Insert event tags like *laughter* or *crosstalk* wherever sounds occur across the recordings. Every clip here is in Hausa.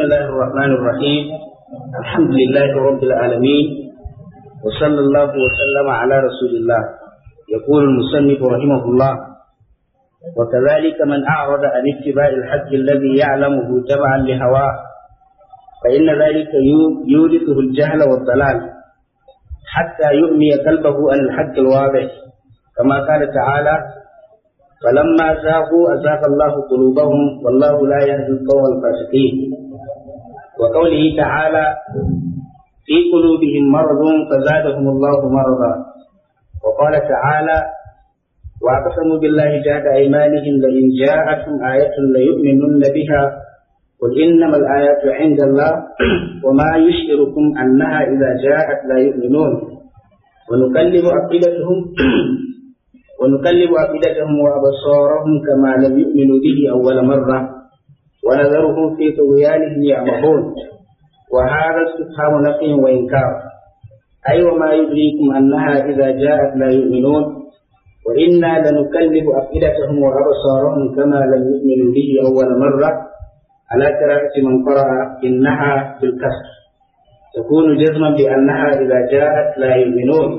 بسم الله الرحمن الرحيم الحمد لله رب العالمين وصلى الله وسلم على رسول الله يقول المصنف رحمه الله وكذلك من أعرض عن اتباع الحق الذي يعلمه تبعا لهواه فإن ذلك يورثه الجهل والضلال حتى يؤمي قلبه عن الحق الواضح كما قال تعالى فلما زاغوا أزاغ الله قلوبهم والله لا يهدي القوم الفاسقين وقوله تعالى في قلوبهم مرض فزادهم الله مرضا وقال تعالى واعتصموا بالله جاد ايمانهم لئن جاءتهم ايه ليؤمنن بها قل انما الايات عند الله وما يشعركم انها اذا جاءت لا يؤمنون ونكلم افئدتهم ونكلم افئدتهم وابصارهم كما لم يؤمنوا به اول مره ونذرهم في طغيانهم يعمهون وهذا استفهام نفي وإنكار أي وما يدريكم أنها إذا جاءت لا يؤمنون وإنا لنكلف أفئدتهم وأبصارهم كما لم يؤمنوا به أول مرة على كراهه من قرأ إنها بالكسر تكون جزما بأنها إذا جاءت لا يؤمنون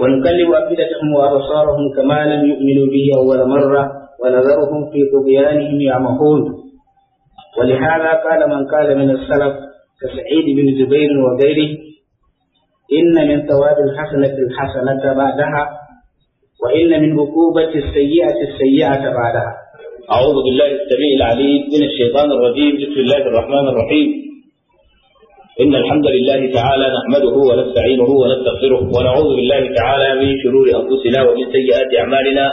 ونكلف أفئدتهم وأبصارهم كما لم يؤمنوا به أول مرة ونذرهم في طغيانهم يعمهون ولهذا قال من قال من السلف كسعيد بن جبير وغيره إن من ثواب الحسنة الحسنة بعدها وإن من عقوبة السيئة السيئة بعدها أعوذ بالله السميع العليم من الشيطان الرجيم بسم الله الرحمن الرحيم إن الحمد لله تعالى نحمده ونستعينه ونستغفره ونعوذ بالله تعالى من شرور أنفسنا ومن سيئات أعمالنا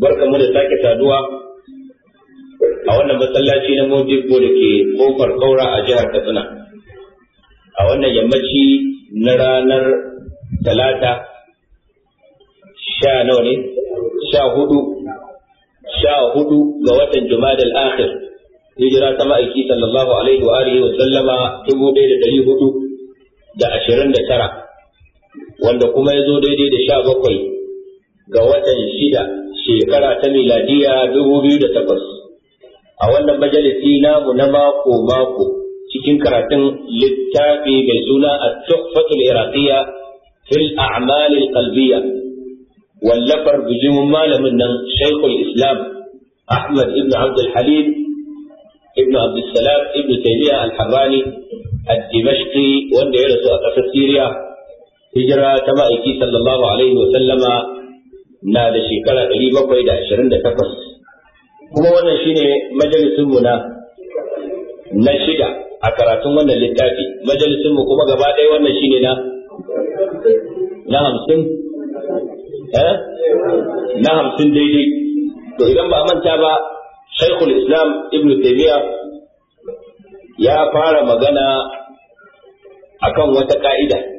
barkamu da sake saduwa a wannan masallaci na Mojibbo da ke kofar kaura a jihar Katsina. A wannan yammaci na ranar talata sha nawa ne? Sha hudu, sha hudu ga watan Jumada al-Akhir. Hijira ta ma'aiki sallallahu alaihi wa alihi wa sallama dubu ɗaya da ɗari hudu da ashirin da tara, wanda kuma ya zo daidai da sha bakwai ga watan shida shekara ta miladiya dubu biyu da takwas a wannan majalisi namu na mako mako cikin karatun littafi mai suna a tuhfatul iraqiyya fil a'mal qalbiyya wallafar bijimin malamin nan shaykhul islam ahmad ibn abd al-halim ibn abd salam ibn taymiya al-harrani al-dimashqi wanda ya rasu a kasar siriya hijira ta ma'aiki sallallahu alaihi wa sallama na da shekara ɗari bakwai da ashirin da takwas kuma wannan shine majalisunmu na na shida a karatun wannan littafi Majalisunmu kuma gaba ɗaya wannan shine na na hamsin eh na hamsin daidai to idan ba manta ba shaikhul islam ibn taymiya ya fara magana akan wata ka'ida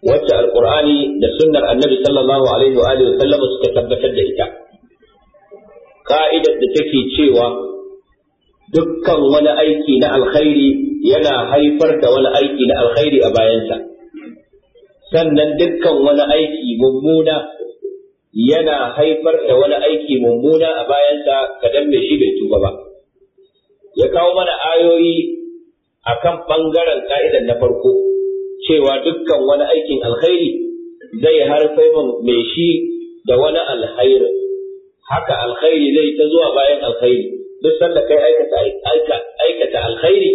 wacce alqur'ani da sunnar annabi sallallahu alaihi wa alihi suka tabbatar da ita ka'idar da take cewa dukkan wani aiki na alkhairi yana haifar da wani aiki na alkhairi a bayansa sannan dukkan wani aiki mummuna yana haifar da wani aiki mummuna a bayansa kadan mai shi bai tuba ba ya kawo mana ayoyi akan ɓangaren ƙa'ida na farko cewa dukkan wani aikin alkhairi zai harfafin mai shi da wani alkhairi haka alkhairi zai ta zuwa bayan alkhairi duk sanda kai aikata alkhairi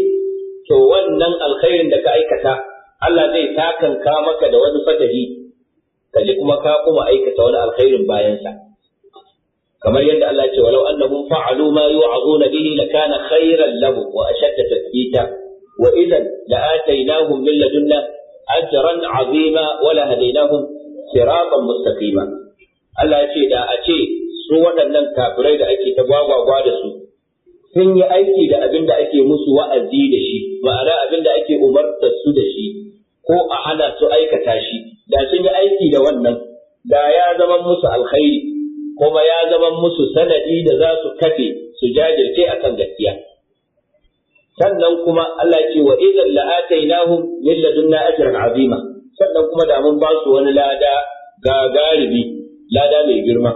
to wannan alkhairin da ka aikata Allah zai takanka maka da wani fatahi kaji kuma ka kuma aikata wani alkhairin bayansa kamar yadda Allah ce walau annahum fa'alu ma yu'azuna bihi lakana khairan lahum wa ashadda tathbita wa idan la'ataynahum min ladunna ajran azima wa lahadainahum siratan mustaqima Allah ya ce da a ce su waɗannan kafirai da ake ta gwagwagwa da su sun yi aiki da abin da ake musu wa'azi da shi ma'ana abin da ake umartar su da shi ko a hana su aikata shi da sun yi aiki da wannan da ya zama musu alkhairi kuma ya zama musu sanadi da za su kafe su jajirce a kan gaskiya sannan kuma Allah ce wa idan la'atainahum min ladunna ajran azima sannan kuma da mun ba su wani lada gagaribi lada mai girma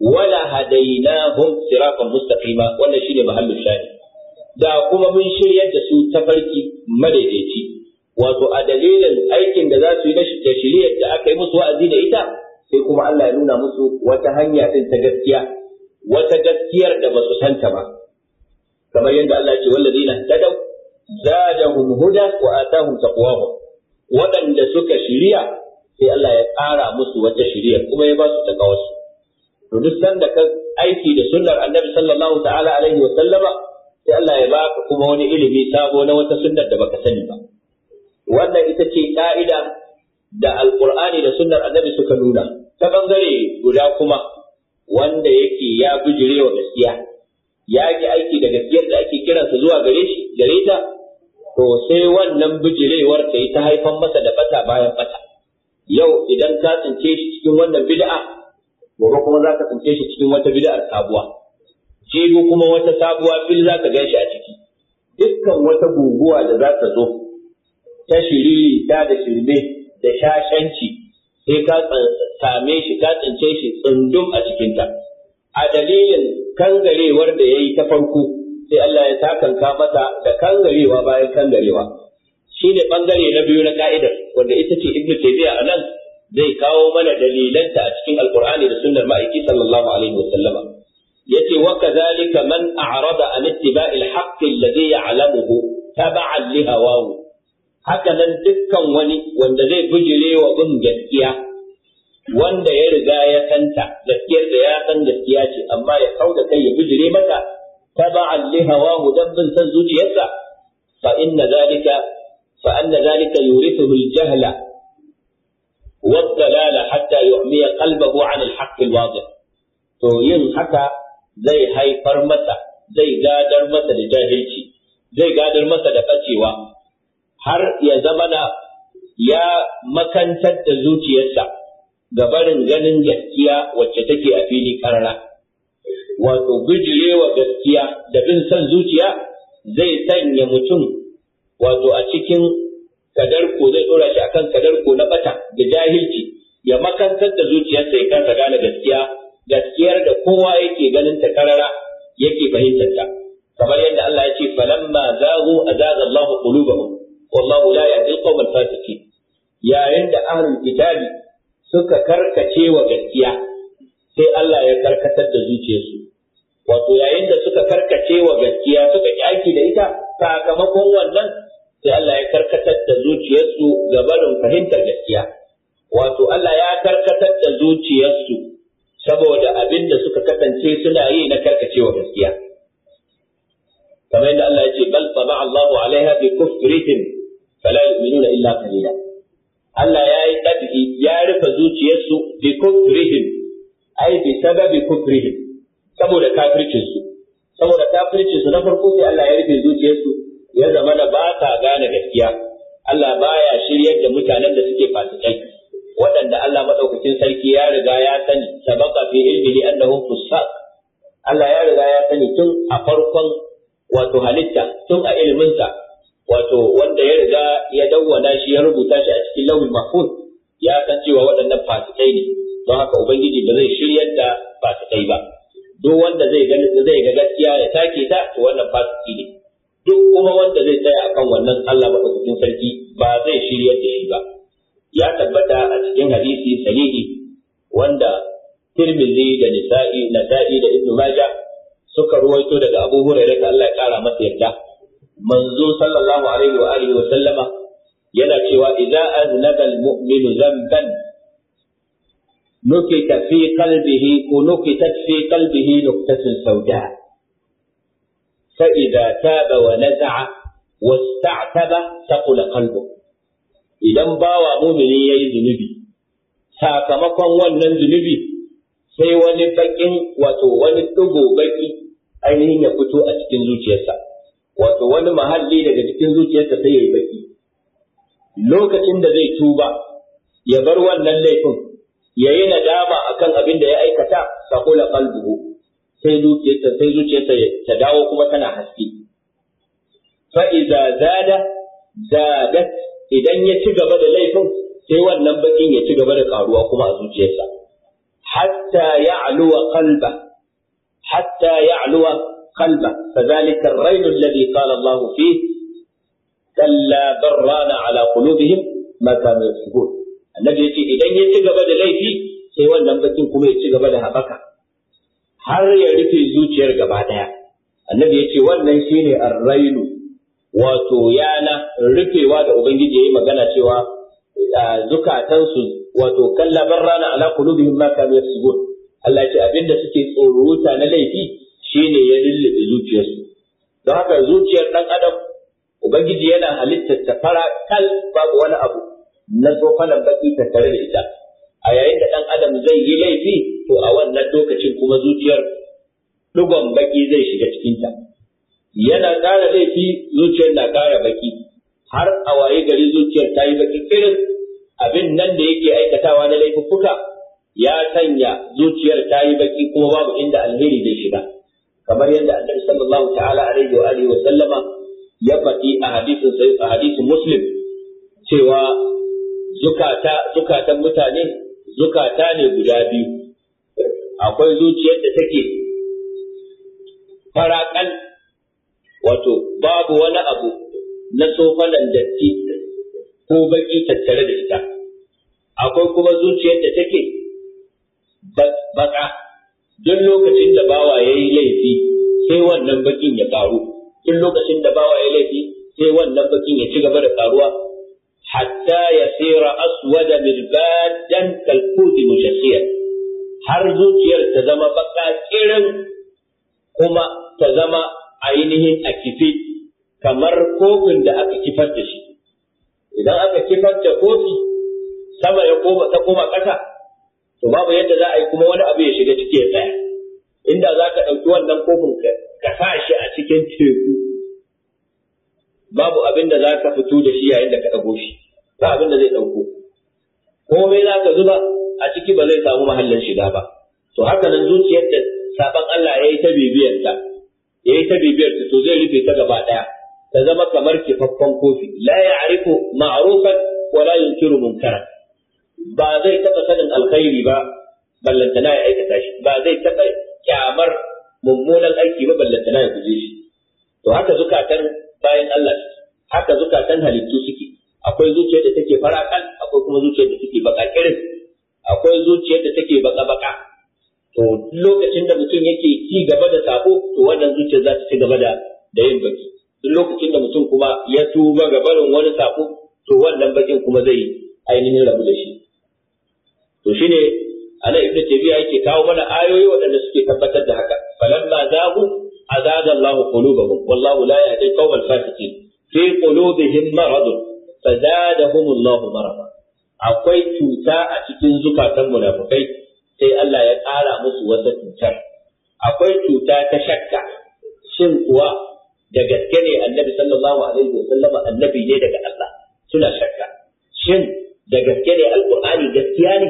wala hadainahum siratan mustaqima wannan shine mahallu shani da kuma mun shiryar da su tafarki madaidaici wato a dalilin aikin da za su yi da shiryar da aka yi musu wa'azi da ita sai kuma Allah ya nuna musu wata hanya din ta gaskiya wata gaskiyar da ba su santa ba kamar yadda Allah ce wallazina tadaw zadahum huda wa atahum taqwahum waɗanda suka shiriya sai Allah ya ƙara musu wata shiriya kuma ya ba su takawarsu to duk sanda ka aiki da sunnar annabi sallallahu ta'ala alaihi wa sallama sai Allah ya baka kuma wani ilimi sabo na wata sunnar da baka sani ba wannan ita ce ka'ida da alqur'ani da sunnar annabi suka nuna ta bangare guda kuma wanda yake ya bijire gaskiya ya yi aiki da gaskiyar da ake kiransa zuwa gare shi gare ta to sai wannan bijirewar ta yi ta haifan masa da fata bayan fata. yau idan ka tsince shi cikin wannan bid'a gobe kuma za ka tsince shi cikin wata bid'ar sabuwa jibi kuma wata sabuwa fil za ka gan shi a ciki dukkan wata guguwa da za ta zo ta shiriri ta da shirme da shashanci sai ka same shi ka tsince shi tsundum a cikinta. ta a dalilin kangarewar da ya yi ta farko sai Allah ya takanka masa da kangarewa bayan kangarewa shi ne ɓangare na biyu na ka'idar wanda ita ce ibnu taymiya a nan zai kawo mana dalilanta a cikin alqur'ani da sunnar ma'aiki sallallahu alaihi wa sallama yace wa kadhalika man a'rada an ittiba'i al-haqq alladhi ya'lamuhu tab'an li hawahu haka nan dukkan wani wanda zai bujire wa bin gaskiya wanda ya riga ya santa gaskiyar da ya san gaskiya ce amma ya kau da kai ya bijire mata alli hawa hawahu dabbin san zuciyarsa fa inna zalika fa anna zalika yurithuhu jahla wa dalala hatta yu'miya qalbahu 'an al-haqq al-wadih to yin haka zai haifar masa zai gadar masa da jahilci zai gadar masa da kacewa har ya zamana ya makantar da zuciyarsa ga barin ganin gaskiya wacce take a fili karara wato gujirewa gaskiya da bin san zuciya zai sanya mutum wato a cikin kadarko zai dora shi akan kadarko na bata da jahilci ya makantar da zuciyarsa ya kansa gane gaskiya gaskiyar da kowa yake ganin ta karara yake fahimtar ta kamar yadda Allah ya ce falamma zagu azaga Allahu qulubahum wallahu la yahdi al al-fasiqin yayin da ahlul kitabi suka karkace wa gaskiya sai Allah ya karkatar da zuciyarsu wato yayin da suka karkace wa gaskiya suka ki da ita sakamakon wannan sai Allah ya karkatar da zuciyarsu ga barin fahimtar gaskiya wato Allah ya karkatar da zuciyarsu saboda abin da suka kasance suna yi na karkacewa gaskiya kamar yadda Allah ya ce bal taba Allahu alaiha bi kufrihim fala yu'minuna illa qalila Allah ya yi munafiki ya rufe zuciyarsu bi kufrihim ai bi sababi kufrihim saboda kafircin su saboda kafircin su na farko sai Allah ya rufe zuciyarsu ya zama da ba ta gane gaskiya Allah baya shiryar da mutanen da suke fasikai waɗanda Allah madaukakin sarki ya riga ya sani sabaka fi ilmihi annahum fusaq Allah ya riga ya sani tun a farkon wato halitta tun a iliminsa wato wanda ya riga ya dawwana shi ya rubuta shi a cikin lawul mahfuz ya san cewa waɗannan fasikai ne don haka ubangiji ba zai shiryar da fasikai ba duk wanda zai ga zai ga gaskiya ya take ta to wannan fasiki ne duk kuma wanda zai tsaya akan wannan Allah madaukakin sarki ba zai shiryar da shi ba ya tabbata a cikin hadisi sahihi wanda Tirmidhi da Nisa'i Nasa'i da Ibn Majah suka ruwaito daga Abu Hurairah Allah ya kara masa yarda manzo sallallahu alaihi wa alihi wa sallama yana cewa idza aznaba al-mu'minu zamban nukita fi qalbihi ko nukitat fi qalbihi nuktatun sauda fa idza taba wa naza'a wasta'taba taqula qalbu idan bawa mumini yayi zunubi sakamakon wannan zunubi sai wani bakin wato wani dugo baki ainihin ya fito a cikin zuciyarsa wato wani mahalli daga cikin zuciyarsa sai yayi baki lokacin da zai tuba ya bar wannan laifin ya yi nadama kan abin da ya aikata saqula qalbuhu sai zuciyarsa ta dawo kuma tana haske Fa'iza iza zada idan ya ci gaba da laifin sai wannan bakin ya ci gaba da karuwa kuma a zuciyarsa hatta ya'luwa ƙalba, hatta ya'luwa ƙalba, fadhalika ar-rayn alladhi qala Allah fihi kalla barrana ala qulubihim ma kanu yasbun annabi yace idan ya ci gaba da laifi sai wannan bakin kuma ya ci gaba da habaka har ya rufe zuciyar gaba daya annabi yace wannan shine arrainu wato yana rufewa da ubangiji yayi magana cewa zukatansu wato kalla barrana ala qulubihim ma kanu yasbun Allah ce abinda suke tsoro na laifi shine ya lullube zuciyarsu don haka zuciyar dan adam ubangiji yana halittar ta fara kal babu wani abu na tsofanan baki tattare da ita a yayin da ɗan adam zai yi laifi to a wannan lokacin kuma zuciyar ɗigon baki zai shiga cikinta yana ƙara laifi zuciyar na ƙara baki har a waye gari zuciyar ta yi baki irin abin nan da yake aikatawa na laifuffuka ya sanya zuciyar ta yi baki kuma babu inda alheri zai shiga kamar yadda annabi sallallahu ta'ala alaihi wa alihi wa sallama ya faɗi a hadisin sai a hadisin muslim cewa zukata zukatan mutane zukata ne guda biyu akwai zuciyar da take faraƙal wato babu wani abu na tsofanan datti ko baƙi tattare da ita akwai kuma zuciyar da take baka duk lokacin da bawa ya yi laifi sai wannan baƙin ya faru tun lokacin da bawa ya laifi sai wannan bakin ya ci gaba da karuwa hatta ya sira aswada mirbadan kalkuti mushasiya har zuciyar ta zama baka kirin kuma ta zama ainihin a kife kamar kofin da aka kifar da shi idan aka kifar da kofi sama ya koma ta koma ƙasa to babu yadda za a yi kuma wani abu ya shiga ciki ya tsaya inda za ka ɗauki wannan kofin ka sa shi a cikin teku babu abin da za ka fito da shi yayin da ka ɗago shi ba abin da zai ɗauko komai za ka zuba a ciki ba zai samu mahallin shiga ba to haka nan zuciyar da sabon Allah ya yi ta bibiyarta ya yi ta to zai rufe ta gaba ɗaya ta zama kamar kifaffen kofi la ya'rifu ma'rufan wa la yunkiru munkaran ba zai taɓa sanin alkhairi ba ballantana ya aikata shi ba zai taɓa kyamar mummunan aiki ballanta na ya guje shi to haka zukatan bayan Allah haka zukatan halittu suke akwai zuciyar da take farakan akwai kuma zuciyar da take baka kirin akwai zuciyar da take baka baka to lokacin da mutum yake ci gaba da sako to wannan zuciyar za ta ci gaba da da yin baki duk lokacin da mutum kuma ya tuba ga barin wani sako to wannan bakin kuma zai ainihin rabu da shi to shine ana ibnu tabiya yake kawo mana ayoyi waɗanda suke tabbatar da haka فلما زاغوا أزاد الله قلوبهم والله لا يهدي القوم الفاسقين في قلوبهم مرض فزادهم الله مرضا akwai cuta a cikin zukatan munafukai sai Allah ya ƙara musu wata cutar akwai cuta ta shakka shin kuwa da gaske ne annabi sallallahu alaihi wasallama annabi ne daga Allah suna shakka shin da gaske ne alqur'ani gaskiya ne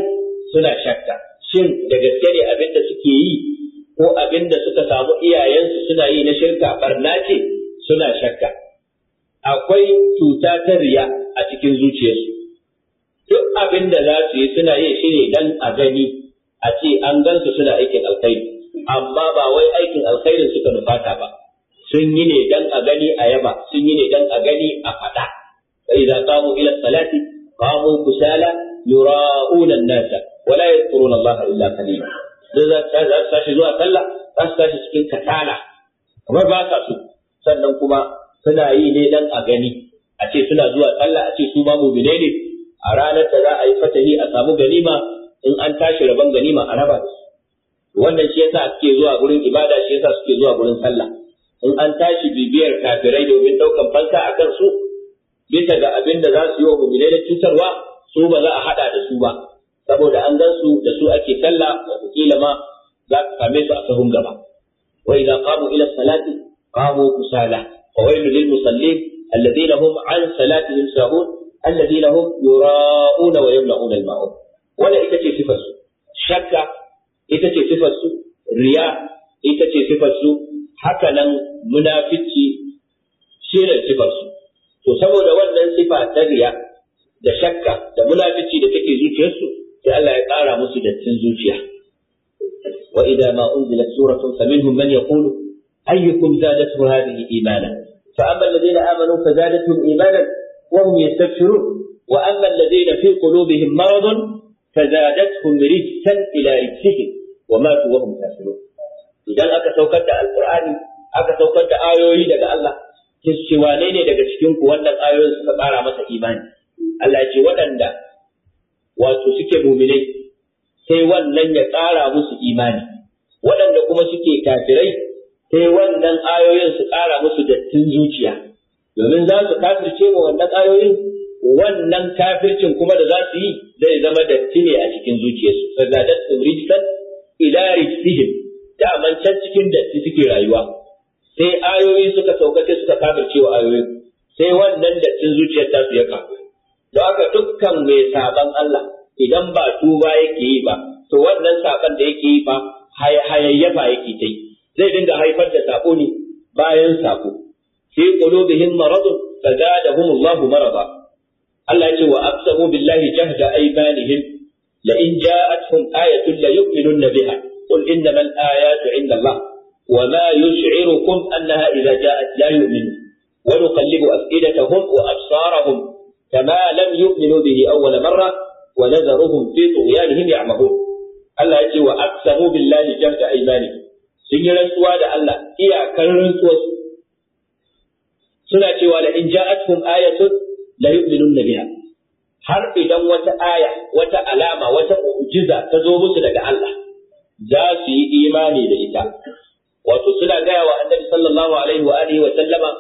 suna shakka shin da gaske ne abinda suke yi ko abin da suka samu iyayensu suna yi na shirka barna ce suna shakka akwai cuta ta riya a cikin zuciyarsu duk abin da za su yi suna yi shi ne dan a gani a ce an gansu suna aikin alkhairi amma ba wai aikin alkhairin suka nufata ba sun yi ne dan a gani a yaba sun yi ne dan a gani a faɗa idza qamu ila salati qamu kusala yura'una nasa wa yadhkuruna Allah illa qalila sai za su tashi zuwa sallah za su tashi cikin katana kamar ba sa su sannan kuma suna yi ne dan a gani a ce suna zuwa sallah a ce su ma mu'mine ne a ranar da za a yi fatani a samu ganima in an tashi rabon ganima a raba wannan shi yasa suke zuwa gurin ibada shi yasa suke zuwa gurin sallah in an tashi bibiyar kafirai domin daukan fanka a kan su bisa ga abin da za su yi wa mu'mine da cutarwa su ba za a hada da su ba saboda an gan su da su ake sallah wata kila ma za ka same su a sahun gaba wa idza qamu ila salati qamu kusala wa wailul lil musallin alladhina hum an salatihim sahun alladhina hum yura'una wa yamna'una al ma'un wala ita ce sifar su shakka ita ce sifar su riya ita ce sifar su haka nan munafici shi sifar su to saboda wannan sifa ta riya da shakka da munafici da take zuciyarsu sai Allah ya ƙara musu dattin zuciya wa idza ma unzilat suratun faminhum man yaqulu ayyukum zadatu hadhihi imana fa amma alladhina amanu fazadatuhum imanan wa hum yastabshirun wa amma alladhina fi qulubihim maradun fazadatuhum rijsan ila rijsihim wa matu wa hum kafirun idan aka saukar da alqur'ani aka saukar da ayoyi daga Allah kin ce wane ne daga cikin ku wannan ayoyin suka ƙara masa imani Allah ya ce waɗanda wato suke muminai sai wannan ya ƙara musu imani waɗanda kuma suke kafirai sai wannan ayoyin su ƙara musu dattin zuciya domin za su kafirce wa wannan ayoyin wannan kafircin kuma da za su yi zai zama datti ne a cikin zuciyarsu fazadat rijsat ila rijsihim daman can cikin datti suke rayuwa sai ayoyi suka sauka suka kafirce wa ayoyin sai wannan dattin zuciyar ta su ya don aka dukkan mai saban Allah idan ba tuba yake yi ba to wannan saban da yake yi ba, hayayyafa yake ta yi zai dinga haifar da sako ne bayan sako fi qulubihim maradun fazadahum Allahu marada Allah ya ce wa aqsamu billahi jahda aymanihim la in ja'atuhum ayatun la yu'minunna biha qul innamal ayatu 'inda Allah wa ma yus'irukum annaha idza ja'at la yu'minun ونقلب أفئدتهم وأبصارهم kama lam yu'minu bihi awwala marra wa nadharuhum fi tughyanihim ya'mahun Allah ya ce wa aqsamu billahi jahda aymanihim sun yi rantsuwa da Allah iyakar rantsuwarsu suna cewa la in ja'atkum ayatun la yu'minunna biha har idan wata alama wata mu'jiza ta zo musu daga Allah za su yi imani da ita wato suna gaya wa annabi sallallahu wa sallama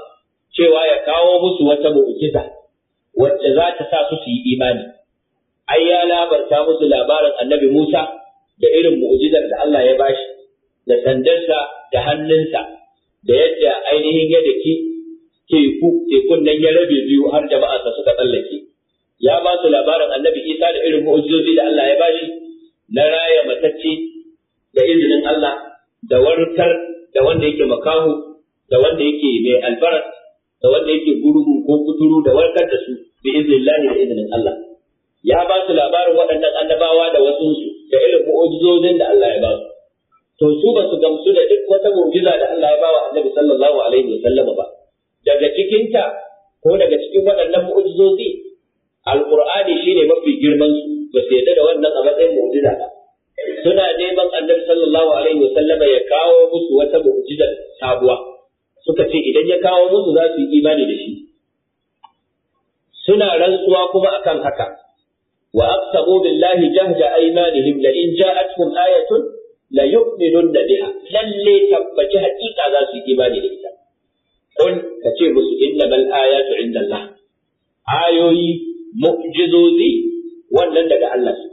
cewa ya kawo musu wata mu'jiza wacce za ta sa su su yi imani ai ya labarta musu labarin annabi Musa da irin mu'jizar da Allah ya bashi da sandarsa da hannunsa da yadda ainihin ya daki teku tekun nan ya rabe biyu har jama'arsa suka tsallake ya ba su labarin annabi Isa da irin mu'jizozi da Allah ya bashi na raya matacce da izinin Allah da warkar da wanda yake makaho da wanda yake mai albarat da wanda yake gurgu ko kuturu da warkar da su bi iznillahi da iznin Allah ya ba su labarin waɗannan annabawa da wasu da irin mu'ujizojin da Allah ya ba su to su ba su gamsu da duk wata mu'jiza da Allah ya ba wa Annabi sallallahu alaihi wasallam ba daga cikin ta ko daga cikin waɗannan mu'ujizoji alqur'ani shine mafi girman su ba su yadda da wannan a matsayin mu'jiza ba suna neman Annabi sallallahu alaihi wasallam ya kawo musu wata mu'jiza sabuwa suka ce idan ya kawo musu za su yi imani da shi suna rantsuwa kuma akan haka wa aqsamu billahi jahda aymanihim la in ja'atkum ayatun la yu'minunna biha lalle tabbaci hakika za su imani da ita kun ce musu innamal ayatu indallah ayoyi mu'jizozi wannan daga Allah su.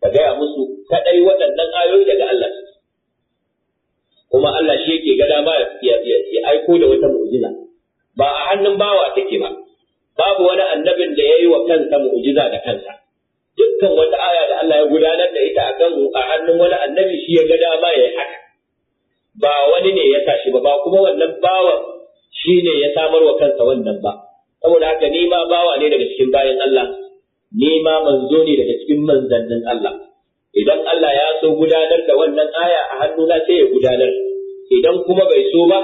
ka gaya musu kadai waɗannan ayoyi daga Allah su. kuma Allah shi yake ga dama ya aiko da wata mu'jiza ba a hannun bawa take ba babu wani annabin da ya yi wa kansa mu'jiza da kansa dukkan wata aya da Allah ya gudanar da ita a kan a hannun wani annabi shi ya ga dama ya yi haka ba wani ne ya tashi ba ba kuma wannan bawan shi ne ya samar wa kansa wannan ba saboda haka ni ma bawa ne daga cikin bayan Allah ni ma manzo ne daga cikin manzannin Allah idan Allah ya so gudanar da wannan aya a hannuna sai ya gudanar idan kuma bai so ba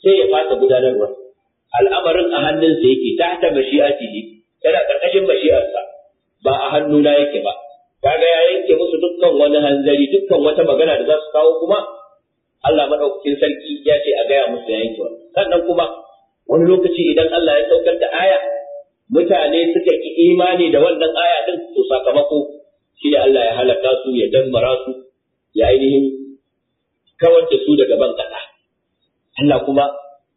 sai ya fasa gudanarwa al'amarin a hannunsa yake tahta mashi'atihi yana karkashin mashi'arsa ba a hannuna yake ba kaga ya yanke musu dukkan wani hanzari dukkan wata magana da za su kawo kuma Allah madaukakin sarki ya ce a gaya musu ya yanke sannan kuma wani lokaci idan Allah ya saukar da aya mutane suka ki imani da wannan aya din to sakamako shi da Allah ya halaka su ya dammara su ya ainihin kawar da su daga ban Allah kuma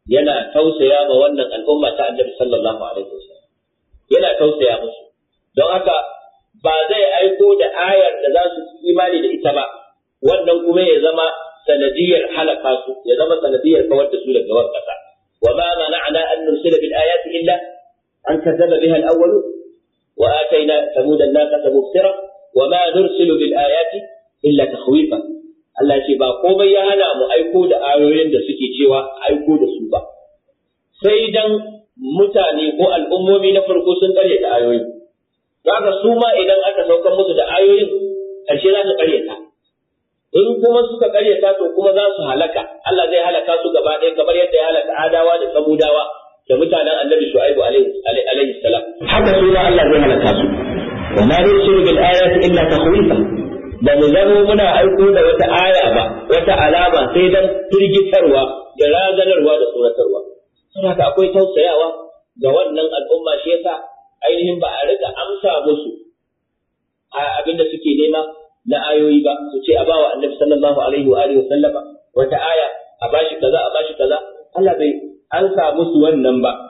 yana tausaya ma wannan al'umma ta annabi sallallahu alaihi wasallam yana tausaya musu don haka ba zai aiko da ayar da za su imani da ita ba wannan kuma ya zama sanadiyar halaka su ya zama sanadiyar kawar da su daga wata kasa wa ma mana'ana an nursila bil ayati illa an kazzaba biha al awwal wa atayna thamuda an-naqata mubsira wa ma nursilu bil ayati illa takhwifan Allah ce ba komai ya hana mu aiko da ayoyin da suke cewa aiko da su ba sai dan mutane ko al'ummomi na farko sun karyata ayoyin za su ma idan aka saukar musu da ayoyin ƙarshe za su karyata in kuma suka karyata to kuma za su halaka Allah zai halaka su gaba ɗaya kamar yadda ya halaka adawa da samudawa da mutanen annabi shu'aibu alaihi salam haka su Allah zai halaka su wa ma bil ayati illa ba mu zama muna aiko da wata aya ba wata alama sai dan firgitarwa da razanarwa da tsoratarwa ka akwai tausayawa ga wannan al'umma shi yasa ainihin ba a riga amsa musu abin da suke nema na ayoyi ba su ce a bawa annabi sallallahu alaihi wa alihi sallama wata aya a bashi kaza a bashi kaza Allah bai an sa musu wannan ba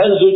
Até nos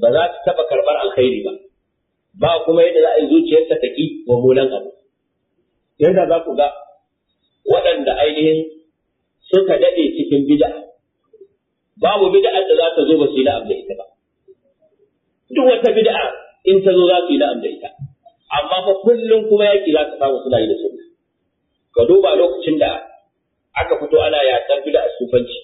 ba za ta taba karbar alkhairi ba ba kuma yadda za a yi zuciyarta ta ki wa mulan abu yadda za ku ga waɗanda ainihin suka daɗe cikin bid'a babu bid'a da za ta zo ba su yi la'am da ita ba duk wata bid'a in ta zo za su yi la'am da ita amma fa kullum kuma yaki za ka samu suna yi da sunna ka duba lokacin da aka fito ana yaƙar bid'a sufanci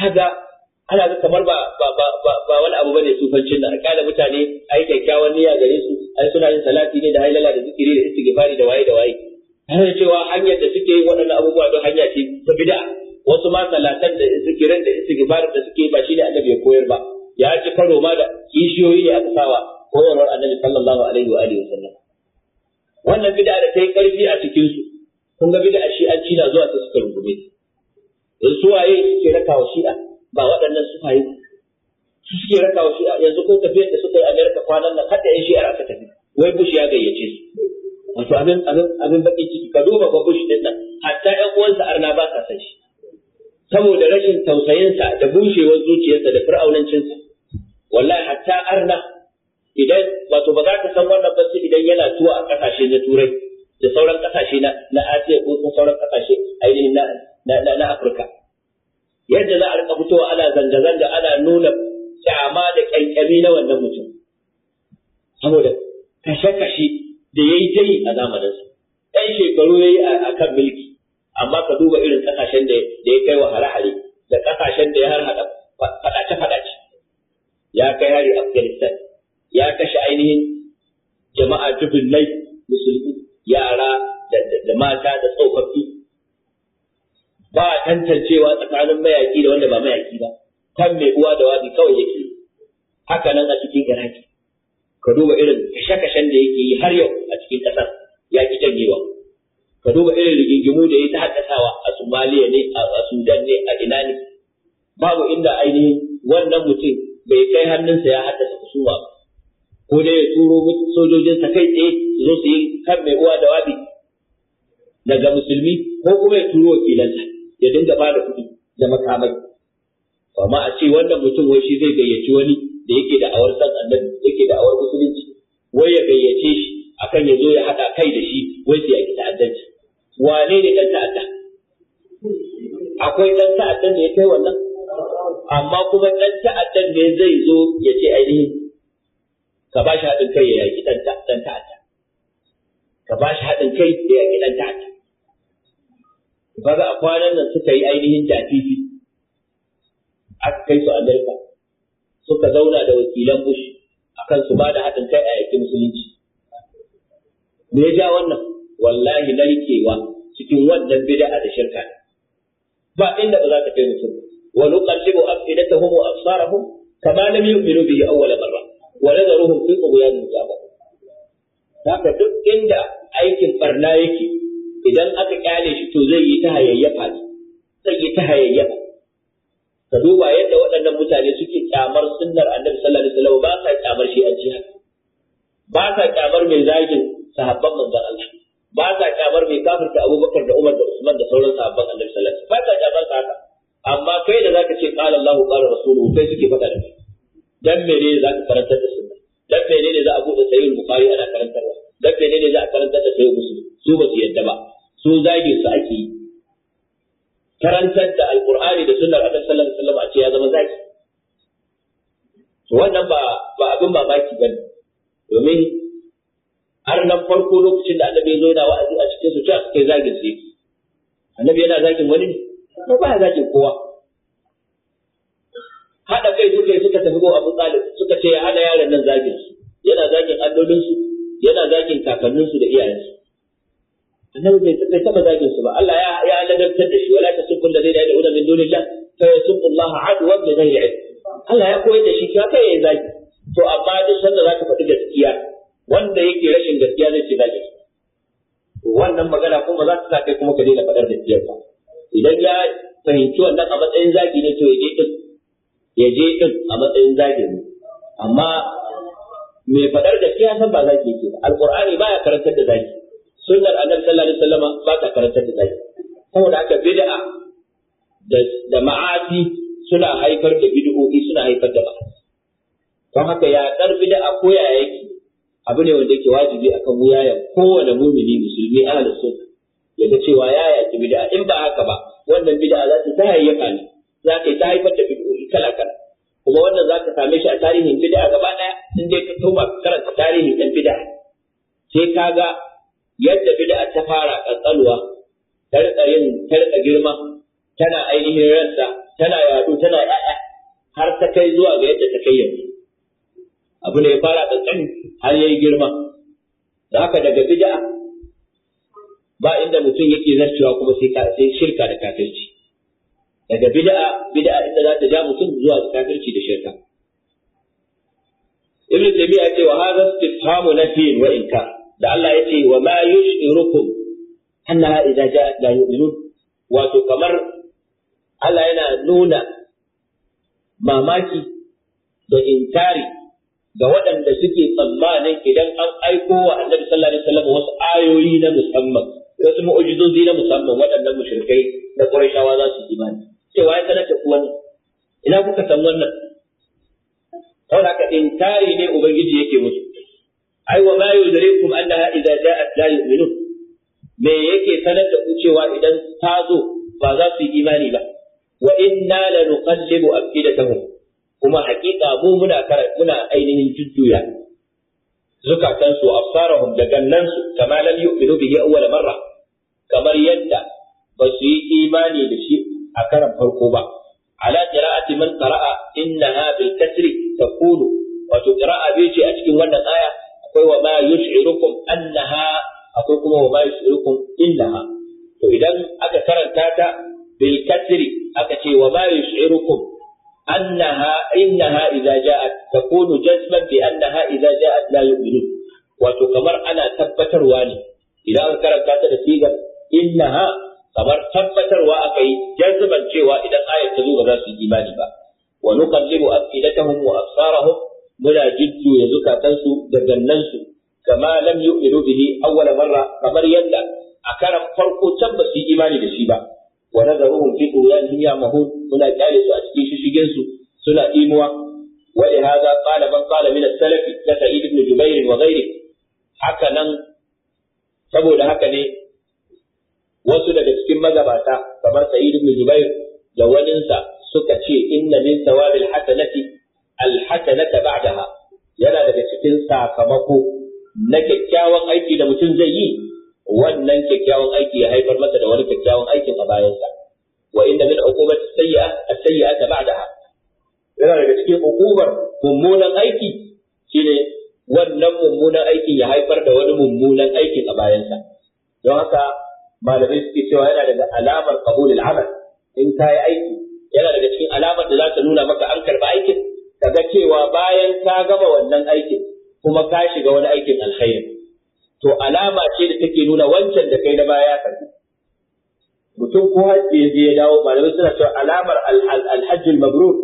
haga ana ga kamar ba ba ba ba wani abu bane sufancin da akala mutane ai kyakkyawan niyya gare su ai suna yin salati ne da hailala da zikiri da istighfari da waye da waye har cewa hanyar da suke yin waɗannan abubuwa don hanya ce ta bid'a wasu ma salatan da zikirin da istighfarin da suke ba shi ne annabi ya koyar ba ya ji karo ma da kishiyoyi ne aka sawa koyarwar annabi sallallahu alaihi wa alihi wasallam wannan bid'a da ta yi ƙarfi a cikin su kun ga bid'a shi an cina zuwa ta suka rungume su waye suke raka wa shi'a ba waɗannan su fayi su suke raka wasu yanzu ko tafiyar da suka yi amerika kwanan nan hadda yan shi'ar aka tafi wai bush ya gayyace su wato abin abin abin bakin ciki ka duba ba bush din nan hatta yan uwansa arna ba sa san shi saboda rashin tausayinsa da bushewar zuciyarsa da fir'aunancinsa wallahi hatta arna idan wato ba za ka san wannan ba sai idan yana tuwa a kasashe na turai da sauran kasashe na na asiya ko sauran kasashe ainihin na na afirka yadda za a rika fitowa ana zanga-zanga ana nuna kyama da kyankyami na wannan mutum saboda kashe-kashe da ya yi jayi a zamaninsa ɗan shekaru ya yi a kan milki, amma ka duba irin ƙasashen da ya kai wa hare-hare da ƙasashen da ya harhaɗa faɗace-faɗace ya kai hari afghanistan ya kashe ainihin jama'a dubullai musulmi yara da mata da tsofaffi ba a tantancewa tsakanin mayaki da wanda ba mayaki ba kan mai uwa da wabi kawai yake haka nan a cikin garaki ka duba irin kashe-kashen da yake yi har yau a cikin ƙasar ya ki canjewa ka duba irin rigingimu da ya ta haddasawa a Somaliya ne a Sudan ne a ina ne babu inda ainihin wannan mutum bai kai hannunsa ya haddasa kusuma ba ko dai ya turo sojojinsa kai tsaye su zo su yi kan mai uwa da wabi daga musulmi ko kuma ya turo wakilansa ya dinga ba da kuɗi na makamai amma a ce wannan mutum wai shi zai gayyaci wani da yake da awar san annabi yake da awar musulunci wai ya gayyace shi akan ya zo ya haɗa kai da shi wai sai ya ki ta'addanci wane ne ɗan ta'adda akwai ɗan ta'addan da ya kai wannan amma kuma ɗan ta'addan ne zai zo ya ce ainihin ka ba shi haɗin kai ya yaƙi ɗan ta'adda ka ba shi haɗin kai ya yaƙi ɗan ta'adda kaga a kwanan nan suka yi ainihin tafifi aka kai su Amerika suka zauna da wakilan Bush akan su ba da haɗin kai a yaƙi musulunci me ya ja wannan wallahi narkewa cikin wannan bid'a da shirka ba inda ba za ta kai mutum wa nuqallibu afidatahum wa absarahum kama lam yu'minu bihi awwala marra wa nadharuhum fi tughyanihim ya'mahun haka duk inda aikin barna yake idan aka kyale shi to zai yi ta hayayyafa zai yi ta hayayyafa ka duba yadda waɗannan mutane suke kyamar sunnar annabi sallallahu alaihi wasallam ba sa kyamar shi an jihar ba sa kyamar mai zagin sahabban manzon Allah ba sa kyamar mai kafirta Abubakar da Umar da Usman da sauran sahabban annabi sallallahu alaihi wasallam ba sa kyamar sa haka amma kai da zaka ce qala Allah qala rasuluhu kai suke faɗa da kai dan za zaka karantar da sunna dan ne za a buɗe sahih bukhari ana karantarwa dan ne za a karantar da sahih muslim su ba su yadda ba su zage su ake yi karantar da alkur'ani da sunnar annabi sallallahu alaihi wasallam a ce ya zama zaki wannan ba ba abin mamaki bane domin har na farko lokacin da annabi ya zo yana wa'azi a cikin su ta suke zagin su yake annabi yana zagin wani ne ko ba ya zagin kowa hada kai suka suka tafi go Abu Talib suka ce ya hada yaran nan zagin su yana zagin allolin yana zagin kakanninsu da iyayensu. annabi bai taba zagin su ba Allah ya ya ladabtar da shi wala tasubbu alladhina yad'una min dunillah fa yasubbu Allah adwa bi ghairi ilm Allah ya koyar da shi ka kai ya zagi to amma duk sanda zaka faɗi gaskiya wanda yake rashin gaskiya zai ce zagi wannan magana kuma za ta sa kai kuma ka daina faɗar da gaskiya ba idan ya fahimci wannan a matsayin zagi ne to ya je din ya je din a matsayin zagi ne amma mai faɗar gaskiya san ba zagi yake ba alqur'ani baya karantar da zagi sunnar annab sallallahu alaihi wasallam ba ta karantar da zaki saboda haka bid'a da ma'asi suna haifar da bid'o'i suna haifar da ma'asi don haka ya dar bid'a ko ya yake abu ne wanda yake wajibi akan wuyayen kowane mumini musulmi ahlus sunna ya ga cewa ya yaki bid'a in ba haka ba wannan bid'a za ta ta hayyaka ne za ta ta haifar da bid'o'i kala kala kuma wannan za ka same shi a tarihin bid'a gaba daya in dai ka toma karanta tarihin dan bid'a sai ka ga yadda bid'a ta fara kankalwa ta rika yin ta rika girma tana ainihin ransa tana yadu tana yaya har ta kai zuwa ga yadda ta kai yanzu abu ne ya fara kankani har yayi girma da haka daga bid'a ba inda mutum yake zarcewa kuma sai sai shirka da kafirci daga bid'a bid'a inda za ta ja mutum zuwa ga kafirci da shirka ibn taymiya ce wa hadha istifhamu nafiyin wa inkar da Allah ya ce wa ma yushirukum annaha idza ja la yu'minun wato kamar Allah yana nuna mamaki da inkari ga waɗanda suke tsammanin idan an aiko wa annabi sallallahu alaihi wasallam wasu ayoyi na musamman wasu mu'ujizozi na musamman waɗannan mushrikai da Qurayshawa za su imani cewa ya sanar da ku wannan ina kuka san wannan saboda haka inkari ne ubangiji yake musu ai wa ma yudrikum annaha idza ja'at la yu'minun me yake sanar da ku cewa idan ta zo ba za su yi imani ba wa inna lanuqallibu afidatahum kuma haƙiƙa mu muna muna ainihin jujjuya zukatansu absarahum da gannansu kama lam yu'minu bihi awwal marra kamar yadda ba su yi imani da shi a karan farko ba ala qira'ati man qara'a innaha bil kasri takunu wato qira'a bai ce a cikin wannan aya akwai wa ma yush'irukum annaha akwai kuma wa ma yush'irukum innaha to idan aka karanta ta bil kasri aka ce wa ma yush'irukum annaha innaha idza ja'at takunu jazman bi annaha idza ja'at la yu'minun wato kamar ana tabbatarwa ne idan aka karanta ta da sigar innaha kamar tabbatarwa aka yi jazman cewa idan ayat ta zo ba za su yi imani ba wa nuqallibu afidatahum wa absarahum muna jujjuya zukatansu da gannansu kama lam yu'minu bihi awwal marra kamar yadda a karan farko can ba su yi imani da shi ba wa nazaruhum fi quyanihim ya muna kyale su a cikin shishigin su suna imuwa wa li hadha qala man qala min as-salaf ka sa'id ibn jubair wa haka nan saboda haka ne wasu daga cikin magabata kamar sa'id ibn jubair da waninsa suka ce inna min thawabil hasanati alhasanata ba'daha yana daga cikin sakamako na kyakkyawan aiki da mutum zai yi wannan kyakkyawan aiki ya haifar masa da wani kyakkyawan aikin a bayansa wa inda min uqubati sayyi'a as-sayyi'ata ba'daha yana daga cikin uqubar mummunan aiki shine wannan mummunan aikin ya haifar da wani mummunan aikin a bayansa don haka malamai suke cewa yana daga alamar qabulul amal in ka yi aiki yana daga cikin alamar da za ta nuna maka an karba aikin kaga cewa bayan ka gama wannan aikin kuma ka shiga wani aikin alkhairi to alama ce da take nuna wancan da kai na baya ya karbi mutum ko hajji ya je ya dawo malamai suna cewa alamar Alhajji mabrur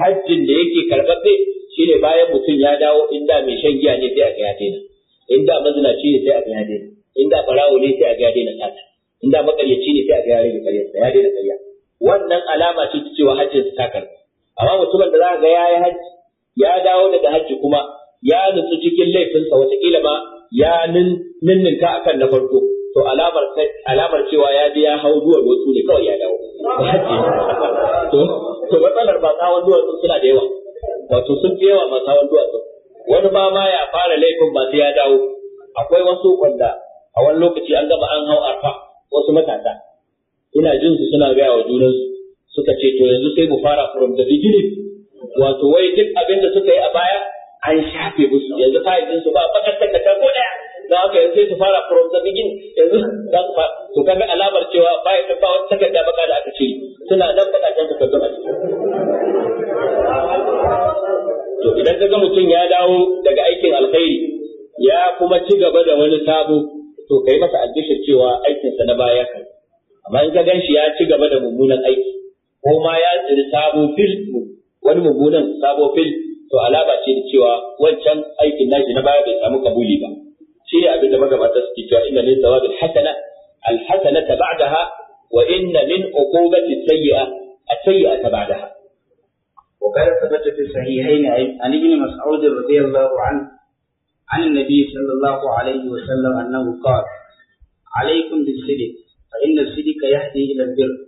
hajjin da yake karɓaɓɓe shine bayan mutum ya dawo inda mai shan giya ne sai a ga ya daina inda mazinaci ne sai a ga ya daina inda barawo ne sai a ga ya daina sata inda makaryaci ne sai a ga ya daina karyarsa ya daina karya wannan alama ce ta cewa hajjin ta karɓa amma mutumin da za ga ya yi hajji ya dawo daga hajji kuma ya nutsu cikin laifinsa wataƙila ma ya ninninka akan na farko to alamar alamar cewa ya je ya hau duwar wasu ne kawai ya dawo to to matsalar ba tsawon duwatsu suna da yawa wato sun fi yawa masu hawan duwatsu wani ba ma ya fara laifin ba sai ya dawo akwai wasu wanda a wani lokaci an gama an hau arfa wasu matasa ina jin su suna gaya wa junansu suka ce to yanzu sai mu fara from the beginning wato wai duk abin da suka yi a baya an shafe musu yanzu fa'idin su ba bakar ta ko daya don haka yanzu sai su fara from the beginning yanzu za su fara to kaga alamar cewa fa'idin ba wata takarda baka da aka ce, suna nan bakatan takardun a ciki to idan kaga mutum ya dawo daga aikin alkhairi ya kuma ci gaba da wani sabo to kai masa addishin cewa aikinsa na baya kai amma in ka gan shi ya ci gaba da mummunan aiki ko ma ya tsiri sabo fil wani mummunan sabo fil to alaba ce da cewa wancan aikin nashi na baya bai samu kabuli ba shi ya abin da magabata suke cewa inna lil thawabil hasana al hasanata ba'daha wa inna min uqubati sayyi'a as sayyi'ata ba'daha وقال ثبت في الصحيحين عن ابن مسعود رضي الله عنه عن النبي صلى الله عليه وسلم انه قال عليكم بالصدق فان الصدق يهدي الى البر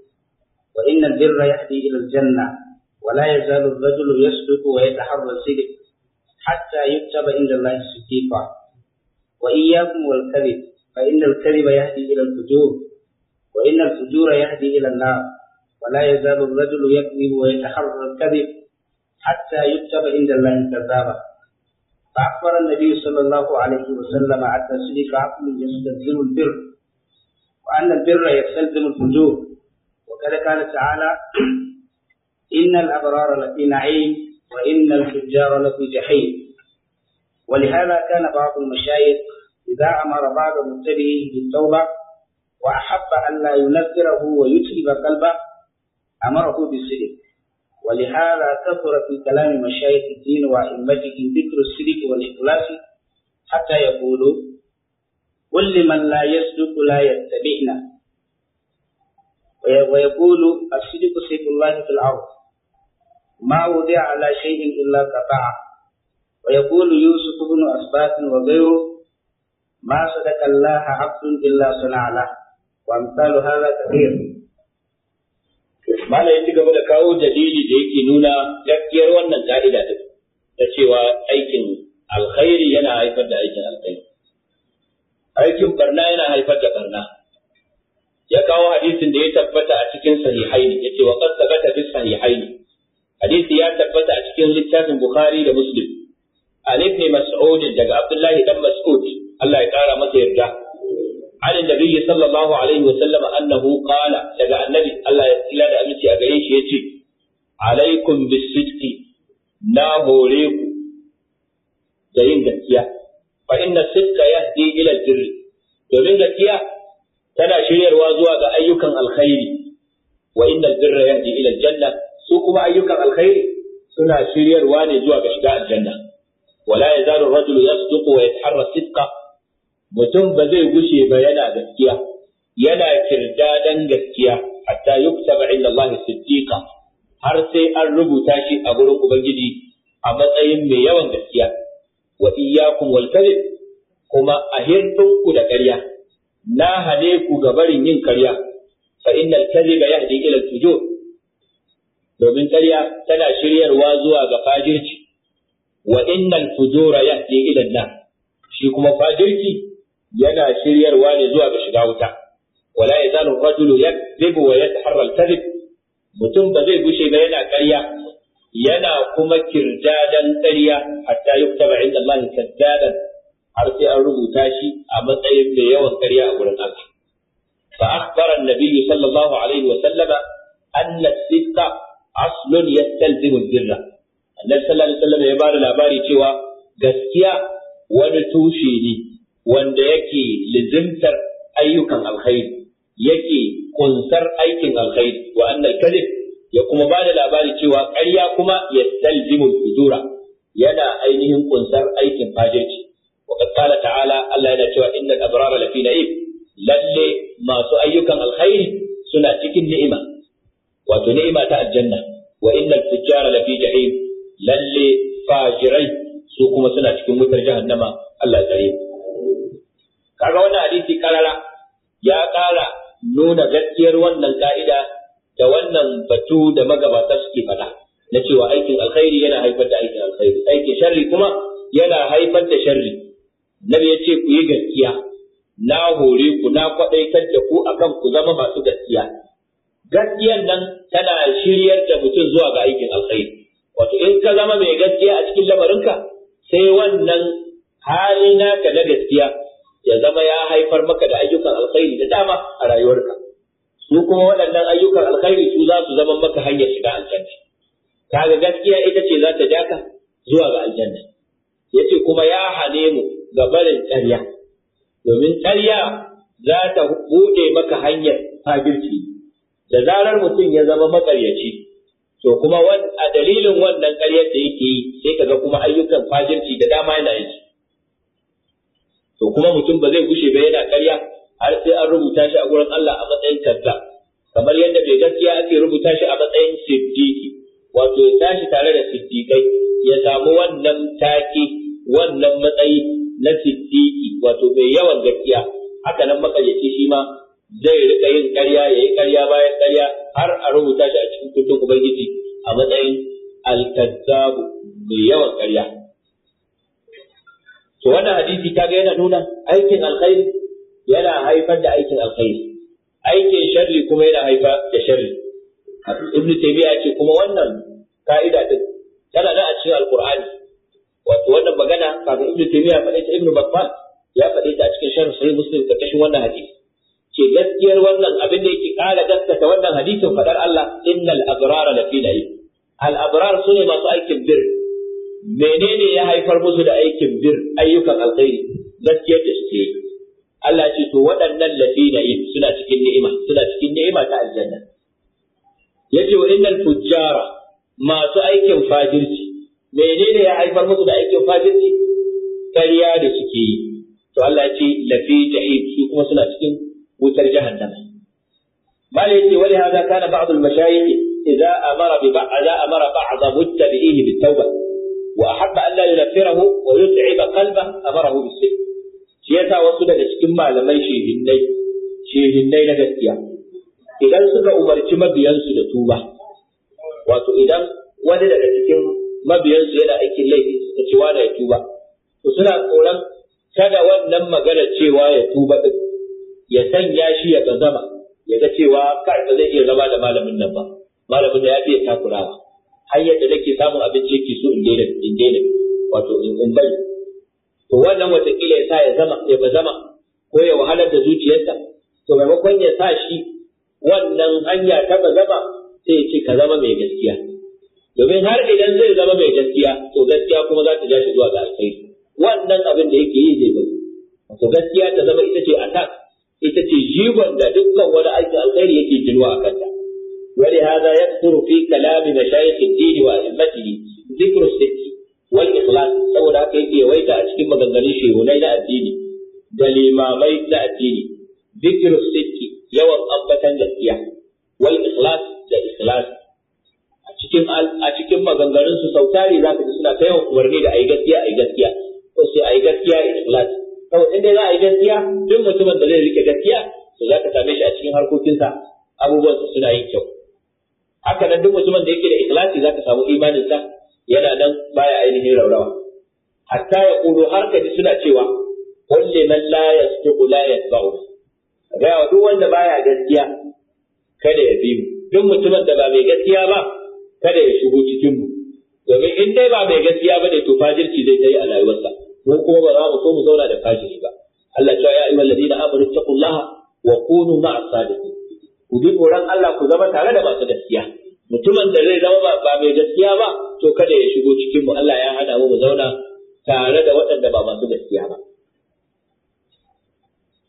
وإن البر يهدي إلى الجنة ولا يزال الرجل يسلك ويتحرى السلك حتى يكتب عند الله صديقا وإياكم والكذب فإن الكذب يهدي إلى الفجور وإن الفجور يهدي إلى النار ولا يزال الرجل يكذب ويتحرى الكذب حتى يكتب عند الله كذابا فأخبر النبي صلى الله عليه وسلم أن صدق عقل يستلزم البر وأن البر يستلزم الفجور وكذا قال تعالى إن الأبرار لفي نعيم وإن الفجار لفي جحيم ولهذا كان بعض المشايخ إذا أمر بعض متبعيه بالتوبة وأحب أن لا ينذره ويتعب قلبه أمره بالسلك ولهذا كثر في كلام مشايخ الدين وأئمته ذكر السلك والإخلاص حتى يقولوا قل لمن لا يسلك لا يتبعنا ويقول الصدق سيف الله في الأرض ما وضع على شيء إلا قطعه ويقول يوسف بن أسباط وغيره ما صدق الله عبد إلا صنع له وأمثال هذا كثير Malam ya ci gaba da kawo dalili da yake nuna gaskiyar wannan ka'ida ta da cewa aikin alkhairi yana haifar da aikin alkhairi. Aikin barna yana haifar da barna. ya kawo hadisin da ya tabbata a cikin sahihaini yace wa qad sabata fi sahihaini hadisi ya tabbata a cikin littafin bukhari da muslim an ibn mas'ud daga abdullahi dan mas'ud Allah ya kara masa yarda an annabi sallallahu alaihi wa sallama annahu qala daga annabi Allah ya tsila da aminci a gare shi yace alaikum bisidqi na hore ku da yin gaskiya fa inna sidqa yahdi ila al domin gaskiya tana shiryarwa zuwa ga ayyukan alkhairi wa innal birra yahdi ila aljanna su kuma ayyukan alkhairi suna shiryarwa ne zuwa ga shiga aljanna wala yazalu ar-rajulu yasduqu wa yataharra sidqa mutum ba zai gushe ba yana gaskiya yana kirdadan gaskiya hatta yuktaba inda Allah siddiqa har sai an rubuta shi a gurin ubangiji a matsayin mai yawan gaskiya wa iyyakum wal kuma a hirtun ku da ƙarya na hane ku ga barin yin karya fa innal kadhiba yahdi ila al-fujur domin karya tana shiryarwa zuwa ga fajirci wa innal fujura yahdi ila an shi kuma fajirci yana shiryarwa ne zuwa ga shiga wuta wala yazalu rajulu yakdhibu wa yataharra al-kadhib mutum ba zai gushe ba yana karya yana kuma kirdadan karya hatta yuktaba inda Allah kaddaban har sai an rubuta shi a matsayin mai yawan ƙarya a gurin Allah fa akhbara an-nabiy sallallahu alaihi wa sallama anna as-sidqa aslun yastalzimu birra annabi sallallahu alaihi wa sallam ya bada labari cewa gaskiya wani tushe ne wanda yake lizimtar ayyukan alkhairi yake kunsar aikin alkhairi wa annal kadhib ya kuma da labari cewa ƙarya kuma yastalzimu al kudura, yana ainihin kunsar aikin fajirci wa qad ta'ala Allah yana cewa innal abrara lafi na'im lalle masu ayyukan alkhairi suna cikin ni'ima wato ni'ima ta aljanna wa innal fujjara lafi jahim lalle fajirai su kuma suna cikin wutar jahannama Allah tsare kaga wannan hadisi karara ya kara nuna gaskiyar wannan ka'ida da wannan batu da magabata suke faɗa na cewa aikin alkhairi yana haifar da aikin alkhairi aikin sharri kuma yana haifar da sharri Nabi ya ce ku yi gaskiya, na hori ku na kwaɗaitar da ku akan ku zama masu gaskiya. Gaskiyan nan tana shiryar da mutum zuwa ga aikin alkhairi. Wato in ka zama mai gaskiya a cikin lamarinka, sai wannan hali naka na gaskiya ya zama ya haifar maka da ayyukan alkhairi da dama a rayuwarka. Su kuma waɗannan ayyukan alkhairi su za su zama maka hanyar shiga aljanna. Kaga gaskiya ita ce za ta jaka zuwa ga aljanna. Ya ce kuma ya hane mu ga barin ƙarya domin ƙarya za ta buɗe maka hanyar fagirci da zarar mutum ya zama maƙaryaci to kuma a dalilin wannan ƙaryar da yake yi sai ka ga kuma ayyukan fajirci da dama yana yi to kuma mutum ba zai gushe ba yana ƙarya har sai an rubuta shi a wurin Allah a matsayin tarza, kamar yadda bai gaskiya ake rubuta shi a matsayin siddiki, wato ya tashi tare da siddikai ya samu wannan take wannan matsayi na siddiqi wato mai yawan gaskiya haka nan makayyaci shi ma zai rika yin ƙarya ya yi ƙarya bayan ƙarya har a rubuta shi a cikin kutun ubangiji a matsayin alkazzabu mai yawan ƙarya to wannan hadisi ga yana nuna aikin alkhairi yana haifar da aikin alkhairi aikin sharri kuma yana haifar da sharri ibnu taymiya ce kuma wannan ka'ida din tana da a cikin alqur'ani wato wannan magana kafin ibnu taymiya faɗe ta ibnu battal ya faɗe ta a cikin sharh sahih muslim karkashin wannan hadisi Ke gaskiyar wannan abin da yake ƙara gaskata wannan hadisin faɗar Allah innal abrara lafi na'im al abrar sune masu aikin bir menene ya haifar musu da aikin bir ayyukan alkhairi gaskiyar da suke yi Allah ce to waɗannan lafi na'im suna cikin ni'ima suna cikin ni'ima ta aljanna yace wa innal fujjara masu aikin fajirci menene ya haifar musu da aikin fajirci kariya da suke yi to Allah ya ce lafi jahid su kuma suna cikin wutar jahannama bal yace wali hada kana ba'd al mashayikh idza amara bi ba'da amara ba'd muttabi'ihi bit tawba wa ahabba an la yunfirahu wa yut'iba qalba amara bis sir shi yasa wasu daga cikin malamai shehinnai shehinnai na gaskiya idan suka umarci mabiyansu da tuba wato idan wani daga cikin mabiyansu yana aikin laifi suka ce wani ya tuba to suna tsoron kada wannan magana cewa ya tuba din ya sanya shi ya gazama ya ga cewa kai ba zai iya zama da malamin nan ba malamin da ya fiye takurawa har yadda nake samun abinci yake so in daina in daina wato in bari to wannan watakila ya sa ya zama ya ba zama ko ya wahalar da zuciyarsa to maimakon ya sa shi wannan hanya ta ba zama sai ya ce ka zama mai gaskiya domin har idan zai zama mai gaskiya to gaskiya kuma za ta ja shi zuwa ga alkhairi wannan abin da yake yi zai bari to gaskiya ta zama ita ce ata ita ce jigon da dukkan wani aiki alkhairi yake jinuwa a kanta wani haza ya fi kalami na shayin tindini wa imatili zikru sikki wal ikhlas saboda haka yake yawaita a cikin maganganun shehunai na addini da limamai na addini zikru sikki yawan ambatan gaskiya wal ikhlas da ikhlas cikin a cikin maganganun su sautari za ka ji suna ta yawan umarni da ai gaskiya ai gaskiya ko sai ai gaskiya ikhlas to in dai za a yi gaskiya duk mutumin da zai rike gaskiya to za ka same shi a cikin harkokinsa abubuwan su suna yin kyau haka nan duk mutumin da yake da ikhlasi za ka samu imanin sa yana nan baya ainihin raurawa hatta ya kudo har ka ji suna cewa kulli man la yasduqu la yatba'u ga duk wanda baya gaskiya kada ya bi mu duk mutumin da ba mai gaskiya ba kada ya shigo cikin mu domin in dai ba mai gaskiya bane to fajirci zai tayi a rayuwarsa mu kuma ba za mu so mu zauna da fajiri ba Allah ya ya ayyuhal ladina amanu taqullaha wa kunu ma'as sadiqin ku bi horon Allah ku zama tare da masu gaskiya mutumin da zai zama ba mai gaskiya ba to kada ya shigo cikin mu Allah ya hada mu mu zauna tare da waɗanda ba masu gaskiya ba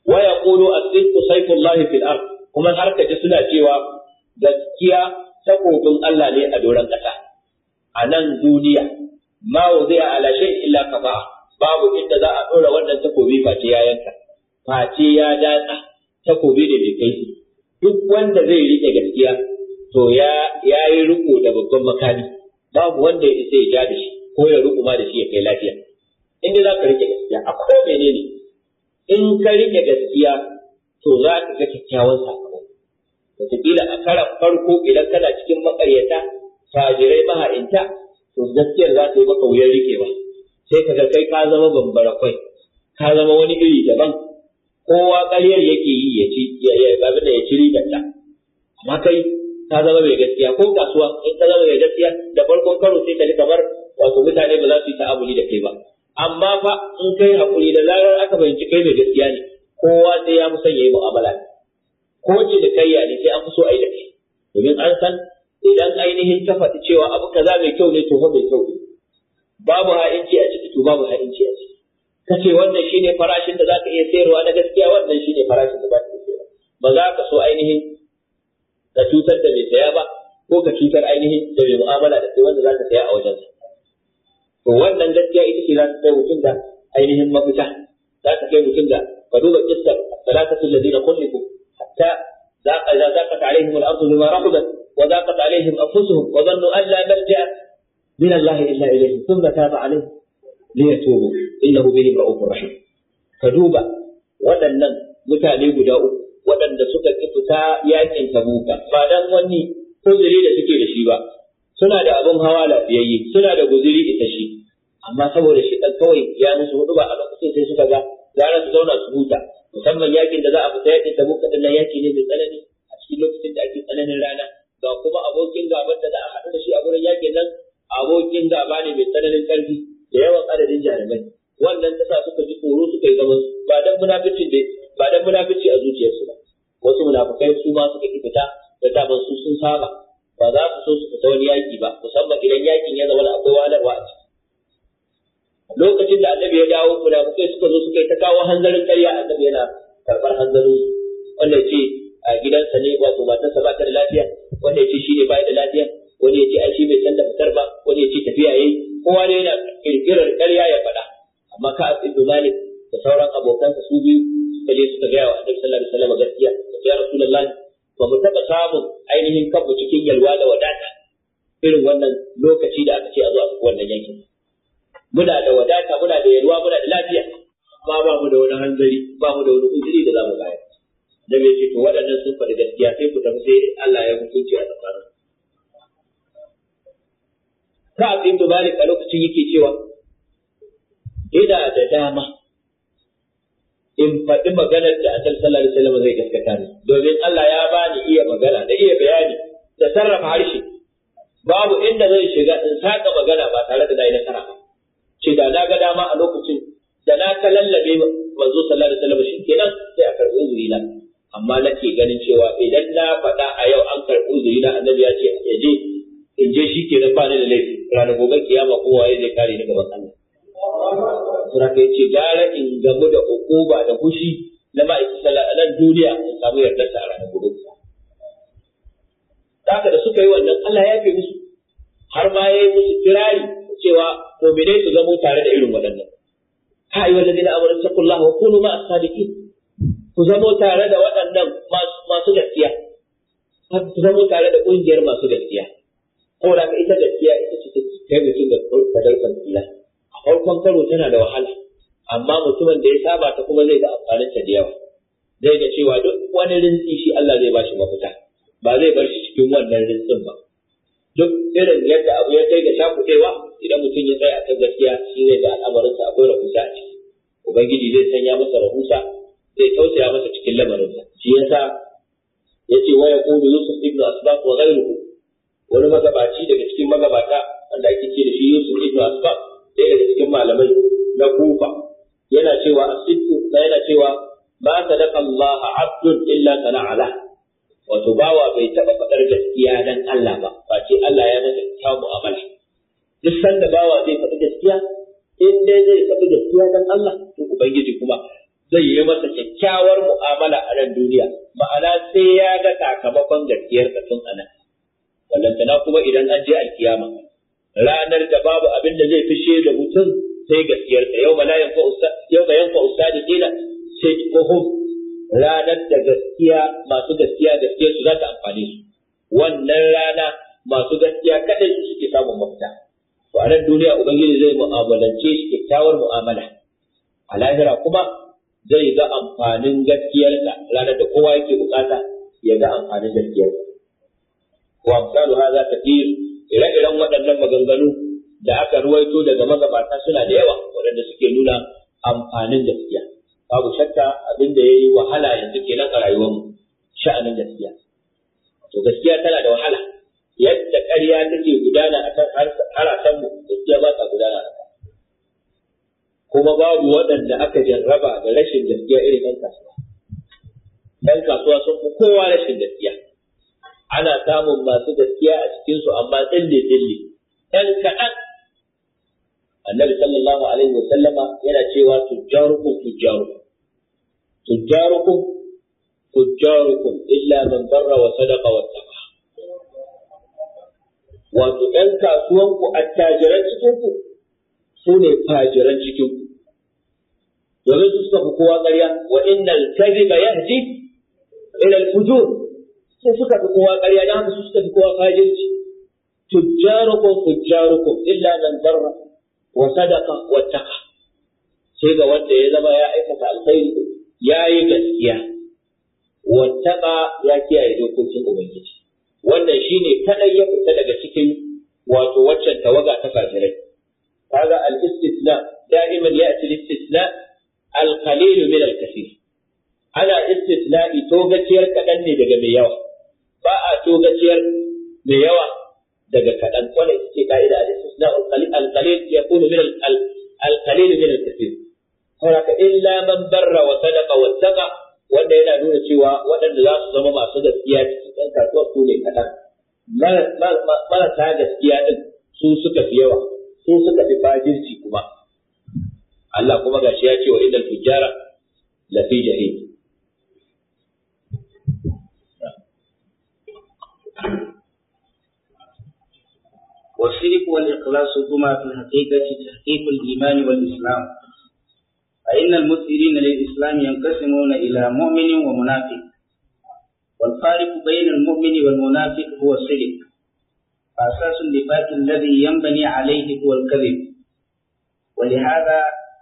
wa yaqulu as-sidqu sayfullahi fil ard kuma har ji suna cewa gaskiya takobin Allah ne a doron ƙasa a nan duniya ma zai ala shay illa kafa babu inda za a dora wannan takobi face ya yanka face ya datsa takobi da bai kai duk wanda zai rike gaskiya to ya ya yi riko da babban makami babu wanda ya isa ya ja da shi ko ya riko ma da shi ya kai lafiya inda za ka rike gaskiya a ko menene in ka rike gaskiya to za ka ga kyakkyawan sakamako wataƙila a karan farko idan kana cikin maƙaryata fajirai maha'inta to gaskiyar za ta yi maka wuyar rikewa sai ka kai ka zama bambara kwai ka zama wani iri daban kowa ƙaryar yake yi ya ci abin da ya ci ribarta amma kai ka zama mai gaskiya ko kasuwa in ka zama mai gaskiya da farkon karo sai ka ji kamar wato mutane ba za su yi ta'amuli da kai ba amma fa in kai haƙuri da zarar aka fahimci kai mai gaskiya ne kowa sai ya musanya yi mu'amala ne ko ce da kai ne sai an so a yi da kai domin an san idan ainihin ta faɗi cewa abu kaza mai kyau ne to fa mai kyau ne babu ha'inci a ciki to babu ha'inci a ciki Ka ce wannan shine farashin da zaka iya sayarwa na gaskiya wannan shine farashin da zaka iya sayarwa ba za ka so ainihin ka cutar da mai saya ba ko ka cutar ainihin da mai mu'amala da kai wanda zaka saya a wajensa to wannan gaskiya ita ce za ta kai mutum da ainihin mafita za ta kai mutum da ka duba kissar salatatul ladina kullikum حتى ذاق إذا ذاقت عليهم الأرض بما رحبت وذاقت عليهم أنفسهم وظنوا أن لا ملجأ من الله إلا إليه ثم تاب عليهم ليتوبوا إنه بهم رؤوف رحيم فدوبا waɗannan mutane guda uku waɗanda suka ki fita yakin tabuka ba dan wani da suke da shi ba suna da abin hawa lafiyayye suna da guziri ita shi amma saboda shi ɗan kawai ya musu hudu ba a kasance sai suka ga gara su zauna su huta musamman yakin da za a fita yakin da muka dinnan yaki ne mai tsanani a cikin lokacin da ake tsananin rana ga kuma abokin gaban da za a haɗu da shi a wurin yakin nan abokin gaba ne mai tsananin ƙarfi da yawan adadin jarumai wannan ta sa suka ji tsoro suka yi zaman ba dan munafici ne ba dan munafici a zuciyarsu ba wasu munafikai su ma suka ki fita da daban su sun saba ba za su so su fita wani yaki ba musamman idan yakin ya zama akwai wahalarwa a ciki lokacin da annabi ya dawo sai suka zo suka yi ta kawo hanzarin karya annabi yana karɓar hanzarin wanda ya ce a gidansa ne wato matarsa ba ta da lafiya wanda ya ce shi ne ba da lafiya wani ya ce a shi bai san da fitar ba wani ya ce tafiya yayi kowa ne yana kirkirar karya ya faɗa amma ka ibnu malik da sauran abokansa su biyu sadiqin ku zamo tare da waɗannan masu gaskiya ku zamo tare da ƙungiyar masu gaskiya ko da ka ita gaskiya ita ce ta mutum da kadar kwanciya a farkon karo tana da wahala amma mutumin da ya saba ta kuma zai ga amfanin ta da yawa zai ga cewa duk wani rintsi shi Allah zai bashi mafita ba zai bar shi cikin wannan rintsin ba duk irin yadda abu ya kai ga shafuɗewa idan mutum ya tsaya a kan gaskiya shi ne da al'amarinsa akwai rahusa a ciki ubangiji zai sanya masa rahusa zai tausaya masa cikin lamarinsa shi yasa yusuf ibn asbaq wa wani magabaci daga cikin magabata wanda ake ce da shi yusuf ibn asbaq ɗaya daga cikin malamai na kufa yana cewa asibu yana cewa ma sadaqa Allah abdun illa sana'ala wato bawa bai taba faɗar gaskiya dan Allah ba face Allah ya masa duk sanda bawa zai faɗi gaskiya in dai zai faɗi gaskiya dan Allah to ubangiji kuma zai yi masa kyakkyawar mu'amala a nan duniya ma'ana sai ya ga sakamakon gaskiyar ka tun anan tana kuma idan an je alkiyama ranar da babu abin da zai fishe da mutum sai gaskiyar ka yau la ustad yau ga ustad dina sai kohum ranar da gaskiya masu gaskiya gaskiya su za ta amfane su wannan rana masu gaskiya kadai su suke samun mafita to a nan duniya ubangiji zai mu'amalance shi kyakkyawar mu'amala a lahira kuma zai ga amfanin gaskiyarka ranar da kowa yake bukata ya ga amfanin gaskiyarsa wa amsalu hadha kathir ire-iren waɗannan maganganu da aka ruwaito daga magabata suna da yawa waɗanda suke nuna amfanin gaskiya babu shakka abin da yayi wahala yanzu kenan a rayuwarmu sha'anin gaskiya to gaskiya tana da wahala yadda ƙarya take gudana akan harasan mu gaskiya ba ta gudana a kan kuma babu waɗanda aka jarraba da rashin gaskiya irin ɗan kasuwa ɗan kasuwa sun fi kowa rashin gaskiya ana samun masu gaskiya a cikinsu amma tsille tsille ɗan kaɗan annabi sallallahu alaihi wa sallama yana cewa tujjarukum tujjarukum tujjarukum tujjarukum illa man barra wa sadaqa wa wato ‘yan kasuwanku attajiran cikinku su ne fajiran cikinku domin su suka fi kowa ƙarya wa innal kadhiba yahdi ila al-fujur su suka fi kowa ƙarya dan haka su suka fi kowa fajirci tujjarukum tujjarukum illa man zarra wa sadaqa wa taqa sai ga wanda ya zama ya aikata alkhairi ya yi gaskiya wa taqa ya kiyaye dokokin ubangiji wannan shi ne kadai ya fita daga cikin wato waccan tawaga ta kafirai kaga al-istisna da'iman ya'ti al-istisna al kalilu min al kasir ana ito togaciyar kaɗan ne daga mai yawa ba a togaciyar mai yawa daga kaɗan wannan ita ce ka'ida al-istisna al ya yakunu min al kalilu min al kasir saboda illa man barra wa sadaqa wa wanda yana nuna cewa waɗanda za su zama masu gaskiya cikin yan kasuwar su ne kaɗan marasa gaskiya ɗin su suka fi yawa su suka fi fajirci kuma Allah kuma ga shi ya ce wa inda tujjara lafi jahim والشرك والإخلاص هما في الحقيقة تحقيق الإيمان والإسلام فإن المسلمين للإسلام ينقسمون إلى مؤمن ومنافق والفارق بين المؤمن والمنافق هو السلك فأساس النفاق الذي ينبني عليه هو الكذب ولهذا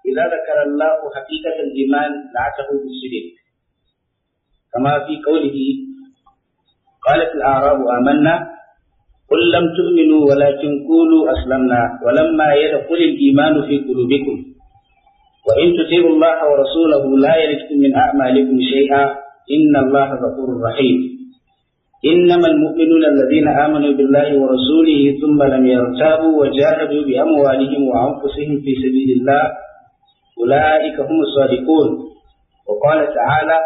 إذا ذكر الله حقيقة الإيمان لعته بالسلك كما في قوله قالت الأعراب آمنا قل لم تؤمنوا ولكن قولوا أسلمنا ولما يدخل الإيمان في قلوبكم وإن تطيعوا الله ورسوله لا يلدكم من أعمالكم شيئا إن الله غفور رحيم إنما المؤمنون الذين آمنوا بالله ورسوله ثم لم يرتابوا وجاهدوا بأموالهم وأنفسهم في سبيل الله أولئك هم الصادقون وقال تعالى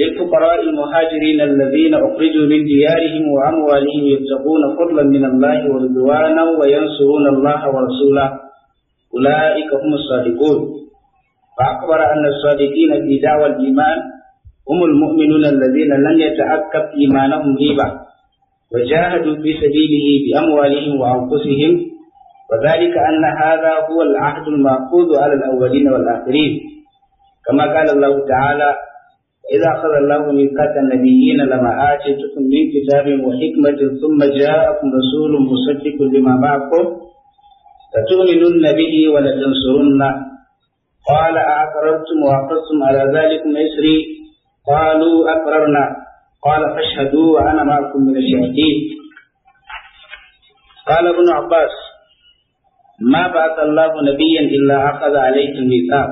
للفقراء المهاجرين الذين أخرجوا من ديارهم وأموالهم يبتغون فضلا من الله ورضوانا وينصرون الله ورسوله أولئك هم الصادقون فأخبر أن الصادقين في دعوى الإيمان هم المؤمنون الذين لم يتعكب إيمانهم ريبة وجاهدوا في سبيله بأموالهم وأنفسهم وذلك أن هذا هو العهد المأخوذ على الأولين والآخرين كما قال الله تعالى إذا أخذ الله ميقات النبيين لما آتيتكم من كتاب وحكمة ثم جاءكم رسول مصدق لما معكم لتؤمنن به ولتنصرنه قال أعترضتم وأخذتم على ذلكم إسري قالوا أقررنا قال فاشهدوا وأنا معكم من الشهدين قال ابن عباس ما بعث الله نبيا إلا أخذ عليه الميثاق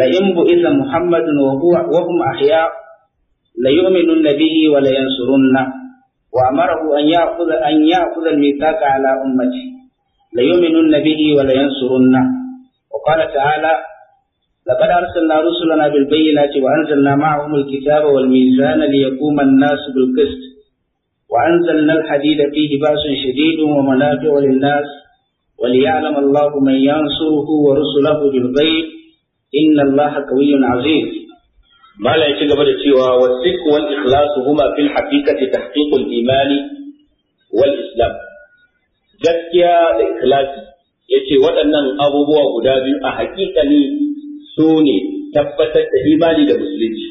لئن بعث محمد وهو وهم أحياء ليؤمنن به ولينصرن وأمره أن يأخذ أن يأخذ الميثاق على أمته ليؤمنن به ولينصرن وقال تعالى لقد أرسلنا رسلنا بالبينات وأنزلنا معهم الكتاب والميزان ليقوم الناس بالقسط وأنزلنا الحديد فيه بأس شديد ومنافع للناس وليعلم الله من ينصره ورسله بالغيب إن الله قوي عزيز ما لا يتجب لتيوى والصدق والإخلاص هما في الحقيقة تحقيق الإيمان والإسلام gaskiya da ikhlasi yace waɗannan abubuwa guda biyu a hakikani su ne tabbatar da imani da musulunci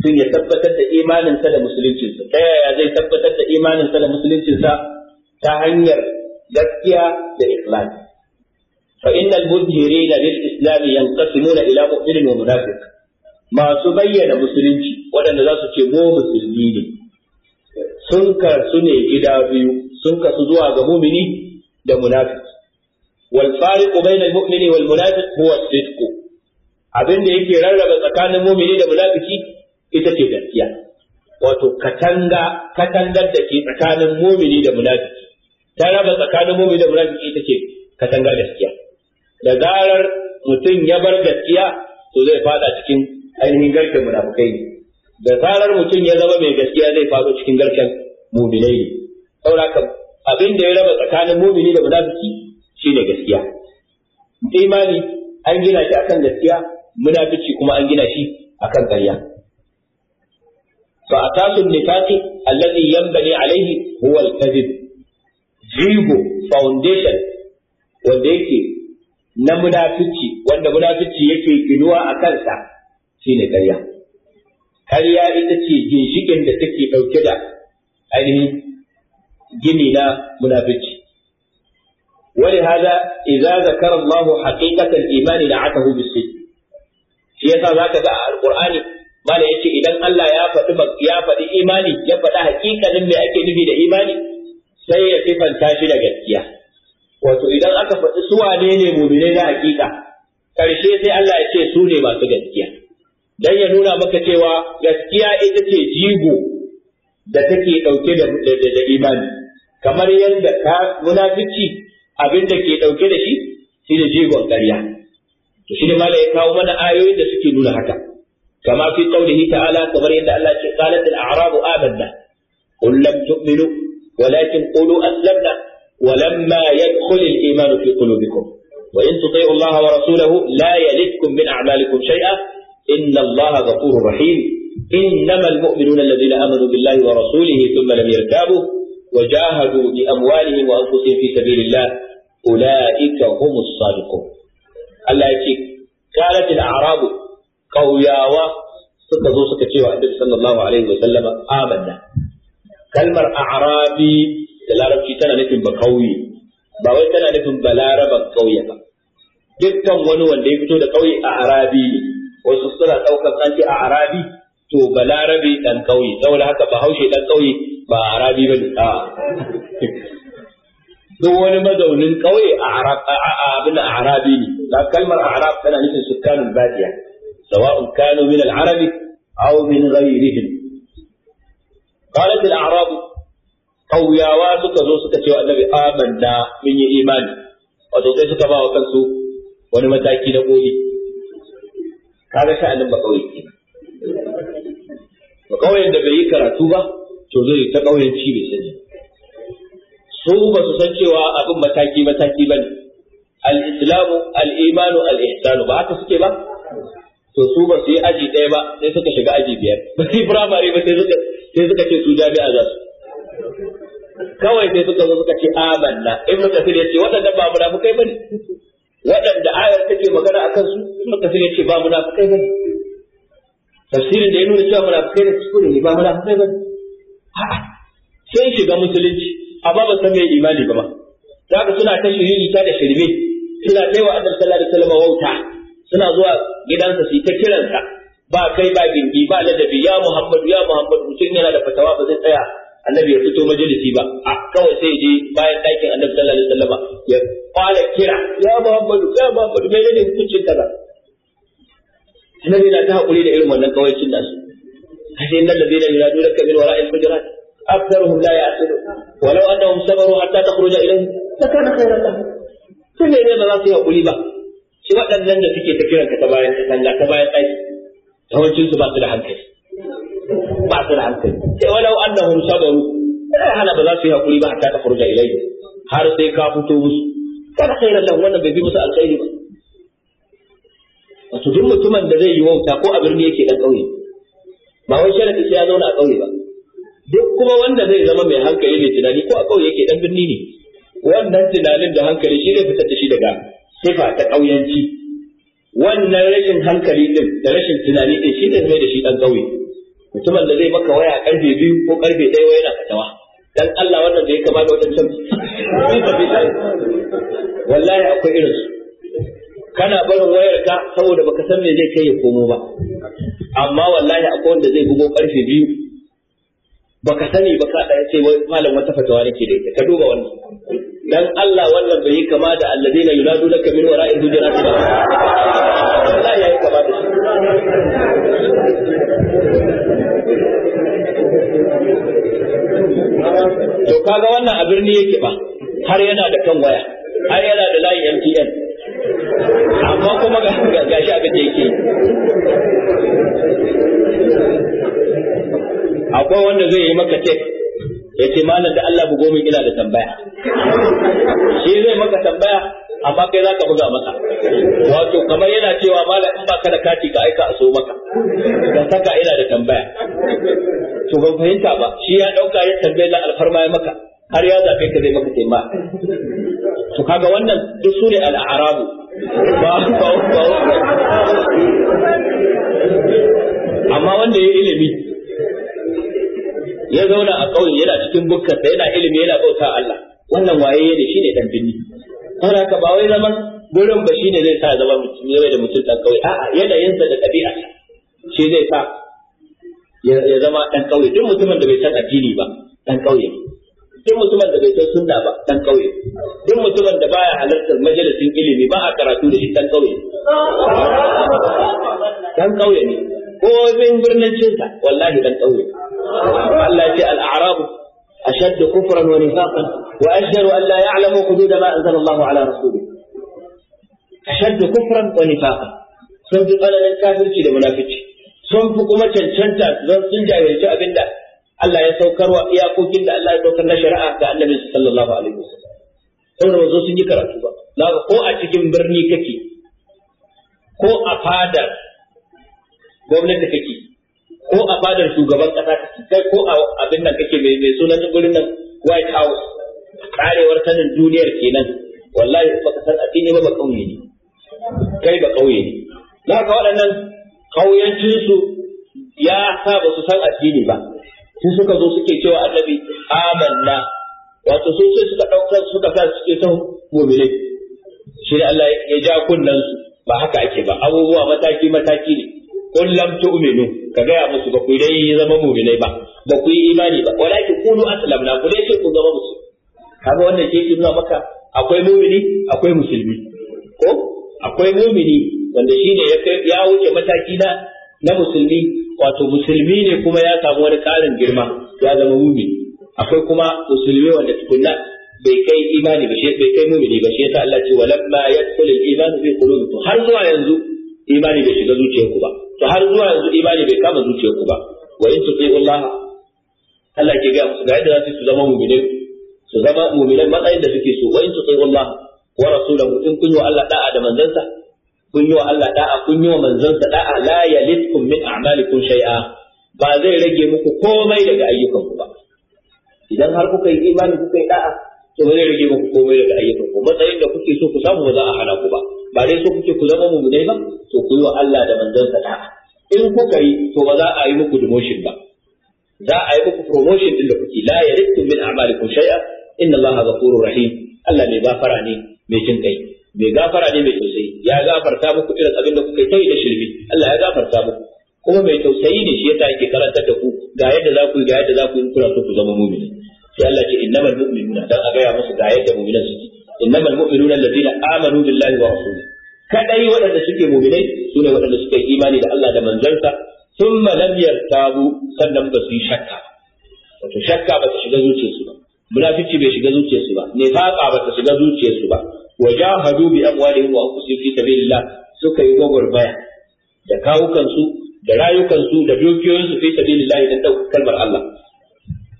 sun ya tabbatar da imaninsa da musuluncinsa ta yaya zai tabbatar da imaninsa da musuluncinsa ta hanyar gaskiya da ikhlas fa innal mujirina lil islam yanqasimuna ila mu'min wa munafiq masu bayyana musulunci waɗanda za su ce mu musulmi ne sun su ne gida biyu sun su zuwa ga mu'mini da munafiq wal fariqu bainal mu'mini wal munafiq huwa sidqu abin da yake rarraba tsakanin mumini da munafiki ita ce gaskiya wato katanga katangar da ke tsakanin mumini da munafiki ta raba tsakanin mumini da munafiki ita ce katangar gaskiya da zarar mutum ya bar gaskiya to zai fada cikin ainihin garken munafukai ne da zarar mutum ya zama mai gaskiya zai fado cikin garken mumini ne saboda abin da ya raba tsakanin mumini da munafiki shine gaskiya imani an gina shi akan gaskiya munafici kuma an gina shi akan ƙarya fa atasun nifaqi alladhi yanbani alayhi huwa al Jibo jigo foundation wanda yake na munafici wanda munafici yake ginuwa a kansa shine ƙarya ƙarya ita ce ginshikin da take ɗauke da ainihin gini na munafici ولهذا إذا ذكر الله حقيقة الإيمان نعته biskit? shi yasa zaka ga a alqur'ani mala yace idan Allah ya faɗi ya faɗi imani ya faɗi hakikanin me ake nufi da imani sai ya sifanta shi da gaskiya wato idan aka faɗi su wane ne bine na hakika, karshe sai Allah ya ce su ne masu gaskiya dan ya nuna maka cewa gaskiya ita ce jigo da take ɗauke da imani kamar yadda munafici abin da ke ɗauke da shi shi ne jigon ƙarya to shi ya kawo mana ayoyin da suke nuna haka kama fi qawlihi ta'ala kamar yadda Allah ya ce qalat al-a'rabu amanna qul lam walakin qulu aslamna walamma yadkhul al-iman fi qulubikum wa in tuti'u wa rasulahu la yalidkum min a'malikum shay'a inna Allah ghafurur rahim إنما المؤمنون الذين آمنوا بالله ورسوله ثم لم يرتابوا wa بأموالهم وأنفسهم في سبيل الله أولئك هم الصادقون Allah ya ce qalatil a'rabu ƙauyawa suka zo suka cewa annabi sallallahu alaihi wa sallama amanna kalmar a'rabi da larabci tana nufin ba kauye ba wai tana nufin ba laraban kauye ba dukkan wani wanda ya fito da kauye a arabi ne wasu suna ɗaukar an a arabi to ba Larabi dan kauye saboda haka ba haushe dan kauye ba arabi ba ne *laughs* duk wani mazaunin kauye a abin arabi ne la kalmar a'rab tana nufin sukkanul badiya sawa'un kanu min al-arabi aw min ghayrihim qalat al-a'rab qawyawa suka zo suka ce wa annabi amanna mun yi imani wato sai suka ba wa kansu wani mataki na gobe kaga sha'anin ba kauye kenan ba kauyen da bai yi karatu ba to zai ta kauyen ci bai sani su ba su san cewa abin mataki mataki ba ne al-islamu al-imanu al-ihsanu ba haka suke ba to su ba su yi aji ɗaya ba sai suka shiga aji biyar *laughs* ba su yi firamare ba sai suka ce su jami'a za su kawai sai suka zo suka ce amanna ibn kasir ya ce waɗannan ba munafukai bane waɗanda ayar take magana akan su ibn kasir ya ce ba munafukai bane tafsirin da ya nuna cewa munafukai da su ne ba munafukai bane a'a sai shiga musulunci amma ba san mai imani ba ba za suna ta shiriri ta da shirme suna kai wa annabi sallallahu alaihi wasallam wauta suna zuwa gidansa su ta kiransa ba kai ba gindi ba ladabi ya muhammadu ya muhammadu mutum yana da fatawa ba zai tsaya annabi ya fito majalisi ba a kawai sai je bayan ɗakin annabi sallallahu alaihi wasallam ya fara kira ya muhammadu ya muhammadu mai ne hukuncin kaza annabi na ta hakuri da irin wannan cin nasu ashe innal ladina yuraduna ka min wara'il hujurat aktharuhum la ya'qilun walau annahum sabaru hatta takhruja ilayhim lakana khayran lahum to ne ne ba za su yi hakuri ba shi waɗannan da suke tafiran ka ta bayan katanga ta bayan ɗaki yawancin su ba su da hankali ba su da hankali sai walau annahum sabaru sai hana ba za su yi hakuri ba a ta furja ilai har sai ka fito musu kada kai lahu wannan bai bi musu alkhairi ba wato duk mutumin da zai yi wauta ko a birni yake ɗan ƙauye ba wai sharadi sai ya zauna a ƙauye ba duk kuma wanda zai zama mai hankali mai tunani ko a ƙauye yake dan birni ne wannan tunanin da hankali shi ne fitar da shi daga sifa ta ƙauyanci wannan rashin hankali din da rashin tunani din shi ne mai da shi dan ƙauye mutumin da zai maka waya karfe biyu ko karfe ɗaya waya yana fatawa dan Allah wannan da ya kama da wadancan wallahi akwai irin su kana barin wayarka saboda baka san me zai kai ya komo ba amma wallahi akwai wanda zai bugo karfe biyu baka sani ba ka ya ce malam wata fatawa nake da ita ka duba wannan dan Allah wannan bai yi kama da alladina yuladu laka min wara'i hujurat ba Allah ya yi kama da to kaga wannan a birni yake ba har yana da kan waya har yana da layin MTN amma kuma ga gashi abin da yake akwai wanda zai yi maka tek ya ce malam da Allah bugo min ina da tambaya shi zai maka tambaya amma kai za ka buga maka wato kamar yana cewa malam in baka da kati ka aika a so maka ka saka ina da tambaya to ban fahimta ba shi ya dauka ya tambaye da alfarma ya maka har ya zabe ka zai maka taimaka to kaga wannan duk al Arabu. cikin bukkarsa yana ilimi yana bauta Allah wannan waye ne shi ne dan binni saboda haka ba wai zaman gurin ba ne zai sa zama mutum ya da mutum dan kawai a'a yanayinsa da ɗabi'a shi zai sa ya zama dan kawai duk mutumin da bai san addini ba dan kauye duk mutumin da bai san sunna ba dan kauye duk mutumin da baya halartar majalisin ilimi ba a karatu da shi dan kauye dan kauye ne ko bin birnin cinsa wallahi dan kauye Allah ya ce al-a'rabu أشد كفرا ونفاقا وأجدر أن لا يعلموا حدود ما أنزل الله على رسوله أشد كفرا ونفاقا sun fi tsananin kafirci da munafici sun fi kuma cancanta don sun jahilci abin da Allah ya saukar wa iyakokin da Allah ya saukar na shari'a ga annabi sallallahu alaihi wasallam saboda wazo sun yi karatu ba zaka ko a cikin birni kake ko a fadar gwamnati kake ko a fadar shugaban kasa kai ko a abin nan kake mai mai sunan gurin nan White House karewar sanin duniyar kenan wallahi ba ka san addini ba ba kauye ne kai ba kauye ne na ka waɗannan kauyancin su ya sa ba su san addini ba sun suka zo suke cewa annabi amanna wato sun sai suka ɗaukar suka sa suke ta mumine shi Allah ya ja kunnan su ba haka ake ba abubuwa mataki mataki ne Kullum tu'minu ka gaya musu ba ku dai zama mu'minai ba ba ku yi imani ba walakin qulu aslamna ku dai ce ku zama musulmi kaga wannan ke nuna maka akwai mu'mini akwai musulmi ko akwai mu'mini wanda shine ya wuce mataki na na musulmi wato musulmi ne kuma ya samu wani karin girma ya zama mu'mini akwai kuma musulmi wanda tukunna bai kai imani ba shi bai kai mu'mini ba shi yasa Allah ce walamma yadkhulul iman fi qulubikum har zuwa yanzu imani bai shiga zuciyarku ba to har zuwa yanzu imani bai kama zuciyar ku ba wa in tuti Allah Allah ke ga ku ga yadda za su zama mu'minin su zama mu'minan matsayin da suke so wa in tuti Allah wa rasulahu in kun yi wa Allah da'a da manzansa kun yi wa Allah da'a kun yi wa manzansa da'a la yalitkum min a'malikum shay'a ba zai rage muku komai daga ayyukanku ba idan har kuka yi imani kuka yi da'a to zai rage muku komai daga ayyukanku matsayin da kuke so ku samu ba za a hana ku ba ba dai so kuke ku zama mumunai ba to ku yi wa Allah da manzansa da'a in kuka yi to ba za a yi muku demotion ba za a yi muku promotion din da kuke la ya yarikum min a'malikum shay'a inna Allaha ghafurur rahim Allah mai gafara ne mai jin kai mai gafara ne mai tausayi ya gafarta muku irin abin da kuka yi da shirme Allah ya gafarta muku kuma mai tausayi ne shi yasa yake karantar da ku ga yadda za ku yi ga yadda za ku yi kuna so ku zama mu'mini sai Allah ce innamal mu'minuna dan a gaya musu ga yadda mu'minan suke innamal mu'minuna Amadu amanu billahi wa rasulihi kadai waɗanda suke mu'minai sune waɗanda suka yi imani da Allah da manzansa Sun lam yartabu sannan ba su yi shakka wato shakka ba ta shiga zuciyarsu ba munafici bai shiga zuciyarsu ba nifaqa ba shiga zuciyarsu ba wajahadu bi amwalihim wa anfusihim fi sabilillah suka yi gwagwarmaya da kawukansu da rayukansu da dukiyoyinsu fi dan dauka kalmar Allah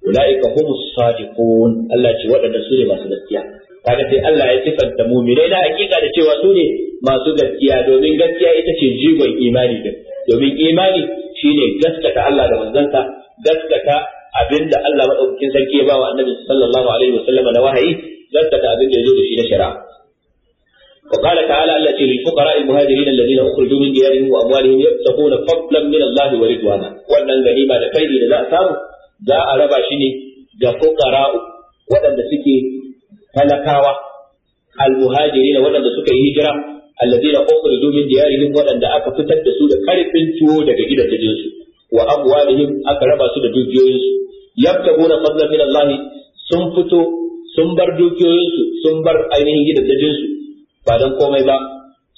ulaika humus sadiqun Allah ce waɗanda su ne masu gaskiya kaga sai Allah ya sifanta mu'minai na hakika da cewa su ne masu gaskiya domin gaskiya ita ce jigon imani din domin imani shine gaskata Allah da manzansa gaskata abinda Allah madaukakin sarki ya bawa annabi sallallahu alaihi wasallam na wahayi gaskata abinda ya zo da shi na shari'a وقال تعالى التي للفقراء المهاجرين الذين اخرجوا من ديارهم واموالهم يبتغون فضلا من الله ورضوانا wannan ganima da kai da za a samu za a raba shi ne ga fuqara waɗanda suke talakawa al-muhajirin waɗanda suka yi hijira alladina ukhriju domin diyarihim waɗanda aka fitar da su da karfin tuwo daga gidajen su wa amwalihim aka raba su da dukiyoyin su yabtaguna fadlan min Allah sun fito sun bar dukiyoyinsu, su sun bar ainihin gidan dajinsu. ba dan komai ba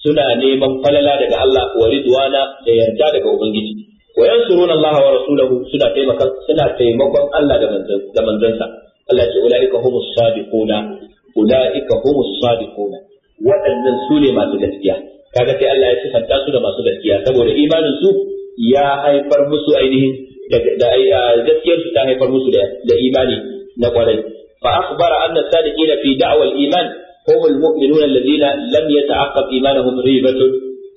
suna neman falala daga Allah wa ridwana da yarda daga ubangiji wa yansuruna Allah wa rasulahu suna taimakon Allah da manzansa Allah ya ce ulaiika humus sadiquna ulaika humus sadiquna waɗannan su ne masu gaskiya kaga sai Allah ya sifanta su da masu gaskiya saboda imanin su ya haifar musu ainihin da gaskiyar su ta haifar musu da imani na kwarai fa akhbara anna sadiqina fi da'wa al-iman هم المؤمنون الذين لم يتعقب إيمانهم ريبة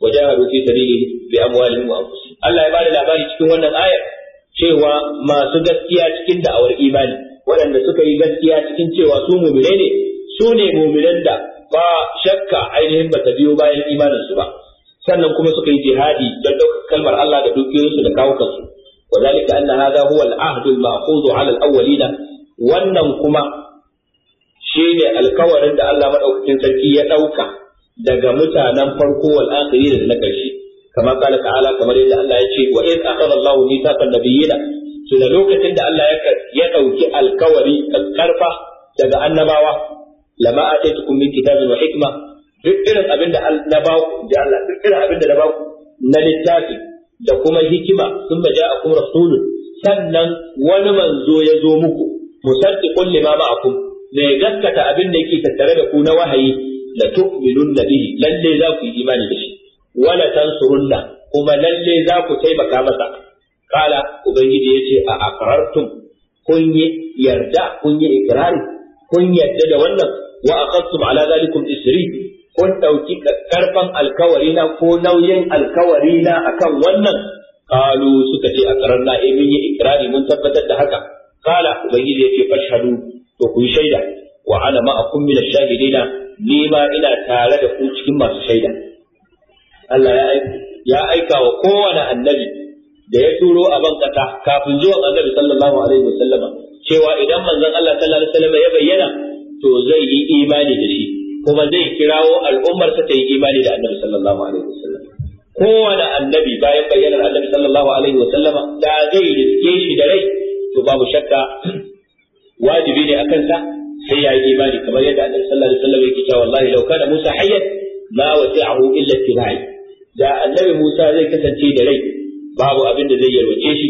وجاهدوا في سبيله بأموالهم وأنفسهم Allah ya bada labari cikin wannan ayar cewa masu gaskiya cikin da'awar imani waɗanda suka yi gaskiya cikin cewa su mumine ne su ne muminan da ba shakka ainihin ba ta biyo bayan imaninsu ba sannan kuma suka yi jihadi don ɗaukar kalmar Allah da dukiyarsu da kawukansu wa zalika anna hadha huwa al-ahd al-ma'khudh 'ala wannan kuma shine alkawarin da Allah madaukakin sarki ya ɗauka daga mutanen farko wal akhirin da na ƙarshe kama kala ta'ala kamar yadda Allah ya ce wa id akhadha Allahu mithaqan nabiyina to da lokacin da Allah ya ɗauki alkawari karfa daga annabawa lama ataitukum min kitabin wa hikma duk irin na ba ku ji Allah duk irin na ba ku na littafi da kuma hikima sun a ja'akum rasulun sannan wani manzo ya zo muku musaddiqun lima ma'akum mai gaskata abin da yake tattare da ku na wahayi la tu'minun bihi lalle za ku yi imani da shi wala tansurunna kuma lalle za ku taimaka masa kala ubangiji yace a aqrartum kun yi yarda kun yi ikrari kun yarda da wannan wa aqadtum ala zalikum isri kun dauki karfan alkawari na ko nauyin alkawari na akan wannan qalu suka ce aqrarna ya mun yi ikrari mun tabbatar da haka qala ubangiji yace fashhadu to ku shaida wa ana ma'akum min ash-shahidina ni ma ina tare da ku cikin masu shaida Allah ya ya aika wa kowane annabi da ya turo a ban kasa kafin zuwan annabi sallallahu alaihi wasallama cewa idan manzon Allah sallallahu alaihi wasallama ya bayyana to zai yi imani da shi kuma zai kirawo al'ummar ta ta yi imani da annabi sallallahu alaihi wasallam kowane annabi bayan bayyanar annabi sallallahu alaihi wasallama da zai riske shi da rai to babu shakka wajibi ne akan sa sai ya yi imani kamar yadda annabi sallallahu alaihi wasallam yake cewa wallahi law kana musa hayyan ma wasi'ahu illa ittiba'i da annabi musa zai kasance da rai babu abin da zai yarwace shi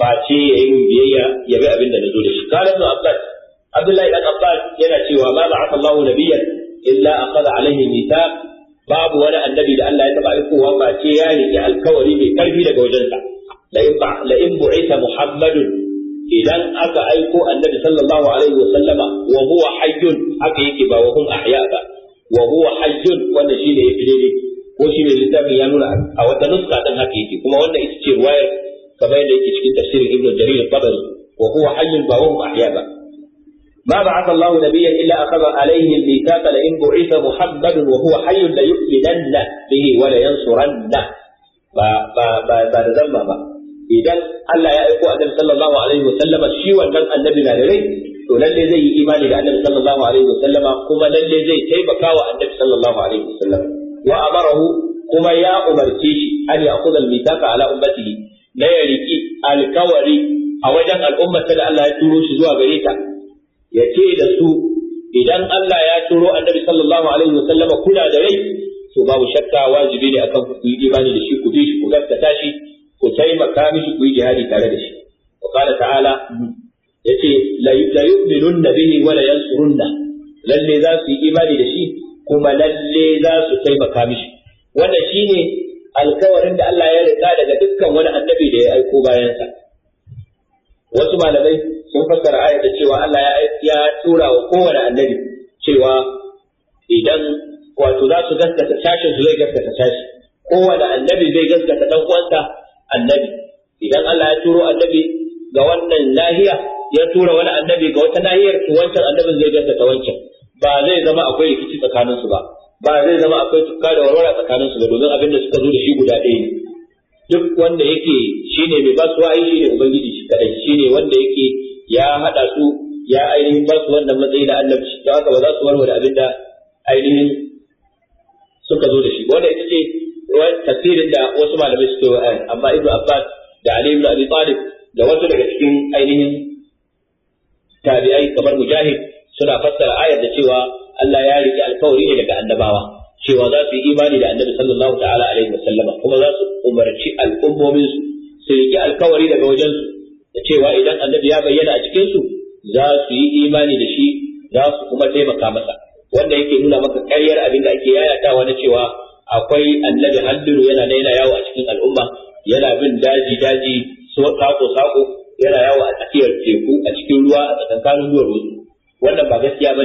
face ya yi biyayya ya bi abin da na zo da shi kana ibn abbas Abdullahi dan Abbas yana cewa ma ba'atha Allahu nabiyyan illa aqada alaihi mithaq babu wani annabi da Allah ya taba aikowa ba ce ya rike alkawari mai karfi daga wajensa la in ba la in bu'ita Muhammadun idan aka aiko annabi sallallahu alaihi wa sallama wa huwa hayyun haka yake ba wa hum ahya ba wa huwa hayyun wanda shine yafi daidai ko shine ne littafin ya nuna a wata nuska dan haka yake kuma wannan ita ce wayar kamar yadda yake cikin tafsirin ibnu Jarir al-Tabari wa huwa hayyun ba wa hum ahya ba ما بعث الله نبيا إلا أخذ عليه الميثاق لئن بعث محمد وهو حي ليؤمنن به ولينصرنه ba da zamba ba idan Allah ya aiko annabi sallallahu alaihi wa sallama shi wannan annabi na da rai to lalle zai yi imani da annabi sallallahu alaihi wa sallama kuma lalle zai taimaka wa annabi sallallahu alaihi wa sallama wa amarahu kuma ya umarce shi an ya'khudha al-mithaqa ala ummatihi la al alkawari a wajen al'ummar da Allah ya turo shi zuwa gare ta ya ce da su idan Allah ya turo annabi sallallahu alaihi wa sallama kuna da rai to babu shakka wajibi ne akan ku yi imani da shi ku bi shi ku gaskata shi ku taimaka mishi ku yi jihadi tare da shi wa qala ta'ala yace la yu'minunna bihi wa la yansurunna lalle za su yi imani da shi kuma lalle za su taimaka mishi wannan shine alkawarin da Allah ya rika daga dukkan wani annabi da ya aiko bayansa wasu malamai sun fassara ayat da cewa Allah ya tura wa kowane annabi cewa idan wato za su gaskata tashin su zai gaskata tashi, kowane annabi zai gaskata dan uwansa annabi idan Allah ya turo annabi ga wannan lahiya, ya tura wani annabi ga wata lahiyar to wancan annabi zai gaskata wancan ba zai zama akwai rikici tsakanin su ba ba zai zama akwai tukka da warwara tsakanin su ba domin abin da suka zo da shi guda ɗaya ne duk wanda yake shine mai ba su wa'ayi shine ubangiji shi kadai shine wanda yake ya haɗa su ya ainihin ba su wannan matsayi na annabci don haka ba za su warware abin da ainihin suka zo da shi wanda ita ce tafsirin da wasu malamai suke wa ayan amma ibnu abbas da ali ibnu abi talib da wasu daga cikin ainihin tabi'ai kamar mujahid suna fassara ayar da cewa Allah ya riƙe alkawari ne daga annabawa cewa za su yi imani da annabi sallallahu ta'ala alaihi wa sallama kuma za su umarci al'ummomin su su riƙe alkawari daga wajen su da cewa idan annabi ya bayyana a cikin su za su yi imani da shi za su kuma taimaka masa wanda yake nuna maka karyar abin da ake yayatawa na cewa akwai annabi halluru yana daina yawo a cikin al'umma yana bin daji daji sako sako yana yawo a tsakiyar teku a cikin ruwa a tsakankanin ruwan wasu wannan ba gaskiya ne.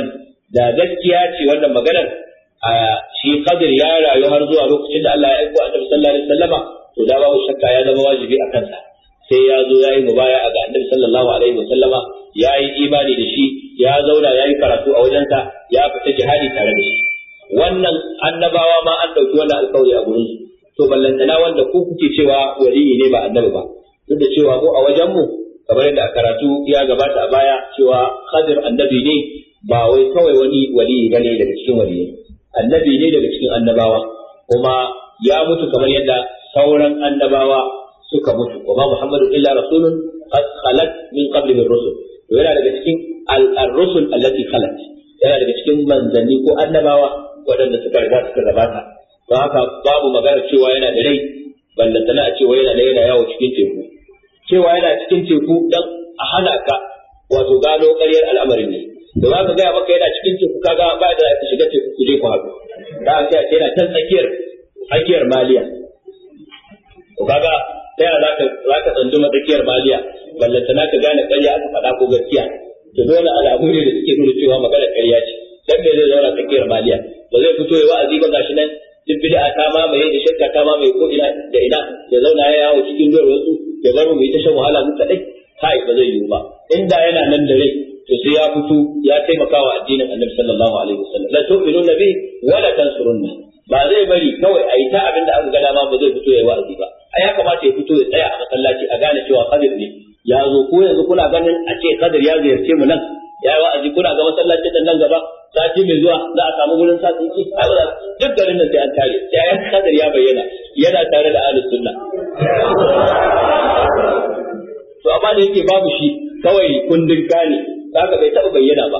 da gaskiya ce wannan maganar shi kadir ya rayu har zuwa lokacin da Allah ya aiko annabi sallallahu alaihi wasallama to da babu shakka ya zama wajibi a kansa sai ya zo yi mubaya ga annabi sallallahu alaihi wa sallama yayi imani da shi ya zauna ya yi karatu a wajensa ya fita jihadi tare da shi wannan annabawa ma an ɗauki wannan alƙawari a gurin to ballantana wanda ku kuke cewa waliyi ne ba annabi ba duk da cewa mu a wajenmu kamar yadda karatu ya gabata a baya cewa khadir annabi ne ba wai kawai wani waliyi bane daga cikin waliyai annabi ne daga cikin annabawa kuma ya mutu kamar yadda sauran annabawa suka mutu wa ma muhammadu illa rasulun qad khalat min qabli min rusul to yana daga cikin ar-rusul allati khalat yana daga cikin manzanni ko annabawa waɗanda suka riga suka gabata don haka babu magana cewa yana da rai ballantana a cewa yana da yana yawo cikin teku cewa yana cikin teku dan a hana ka wato gano ƙaryar al'amarin ne da za ka gaya maka yana cikin teku kaga ba da ka shiga teku ku je ku haɗu da a ce yana can tsakiyar tsakiyar maliya to kaga ta yaya zaka zaka tsanduma tsakiyar maliya ballanta gane ƙarya aka faɗa ko gaskiya da dole alamu ne da suke nuna cewa magana ƙarya ce dan me zai zauna tsakiyar maliya ba zai fito ya wa'azi ba gashi nan duk bid'a ta mamaye da shakka ta mamaye ko ina da ina ya zauna ya yawo cikin doyar wasu ya bar mu yi ta shan wahala mu kadai kai ba zai yiwu ba inda yana nan da rai to sai ya fito ya taimaka wa addinin Annabi sallallahu alaihi wasallam la tu'minuna bi wa tansurunna ba zai bari kawai a yi ta abin da aka ga dama ba zai fito ya wa'azi ba a ya kamata ya fito ya tsaya a masallaci a gane cewa kadir ne ya zo ko yanzu kuna ganin a ce kadir ya ziyarce mu nan ya yi wa'azi kuna ga masallaci dan nan gaba sati mai zuwa za a samu gurin sati ki duk garin nan sai an tare sai ya kadir ya bayyana yana tare da ahlus sunna to amma da yake babu shi kawai kundin gane kaga bai taɓa bayyana ba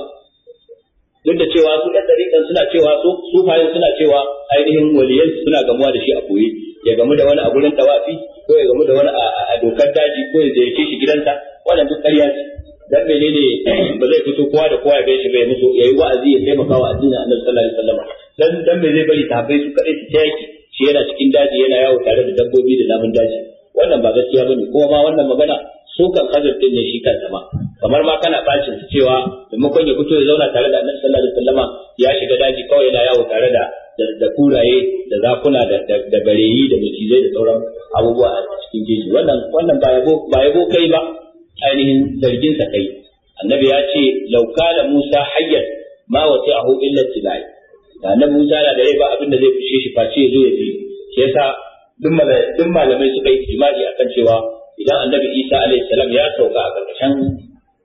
duk da cewa su ɗan ɗariƙan suna cewa su sufayen suna cewa ainihin waliyai suna gamuwa da shi a koyi ya gamu da wani a gurin dawafi ko ya gamu da wani a dokar daji ko ya ziyarce shi gidansa wannan duk ƙarya ce dan menene *clears throat* ba zai fito kowa da kowa ya gaishe bai musu yi wa'azi ya taimaka wa addinin Annabi sallallahu alaihi wasallam dan dan zai bari tafai su kadai su yaki shi yana cikin daji yana yawo tare da dabbobi da namun daji wannan ba gaskiya ba ne, kuma ma wannan magana sukan kadar din ne shi kansa ma kamar ma kana bacin su cewa maimakon ya fito ya zauna tare da annabi sallallahu alaihi wasallama ya shiga daji kawai yana yawo tare da da kuraye da zakuna da bareyi da macizai da sauran abubuwa a cikin jeji wannan wannan ba yabo ba yabo kai ba ainihin zargin sa kai annabi ya ce lauka kana musa hayyan ma wasi'ahu illa tibai annabi musa yana da ba abin da zai fushe shi face ya zo ya ji shi yasa duk malamai suka yi imani akan cewa idan annabi isa alaihi salam ya sauka a ƙarshen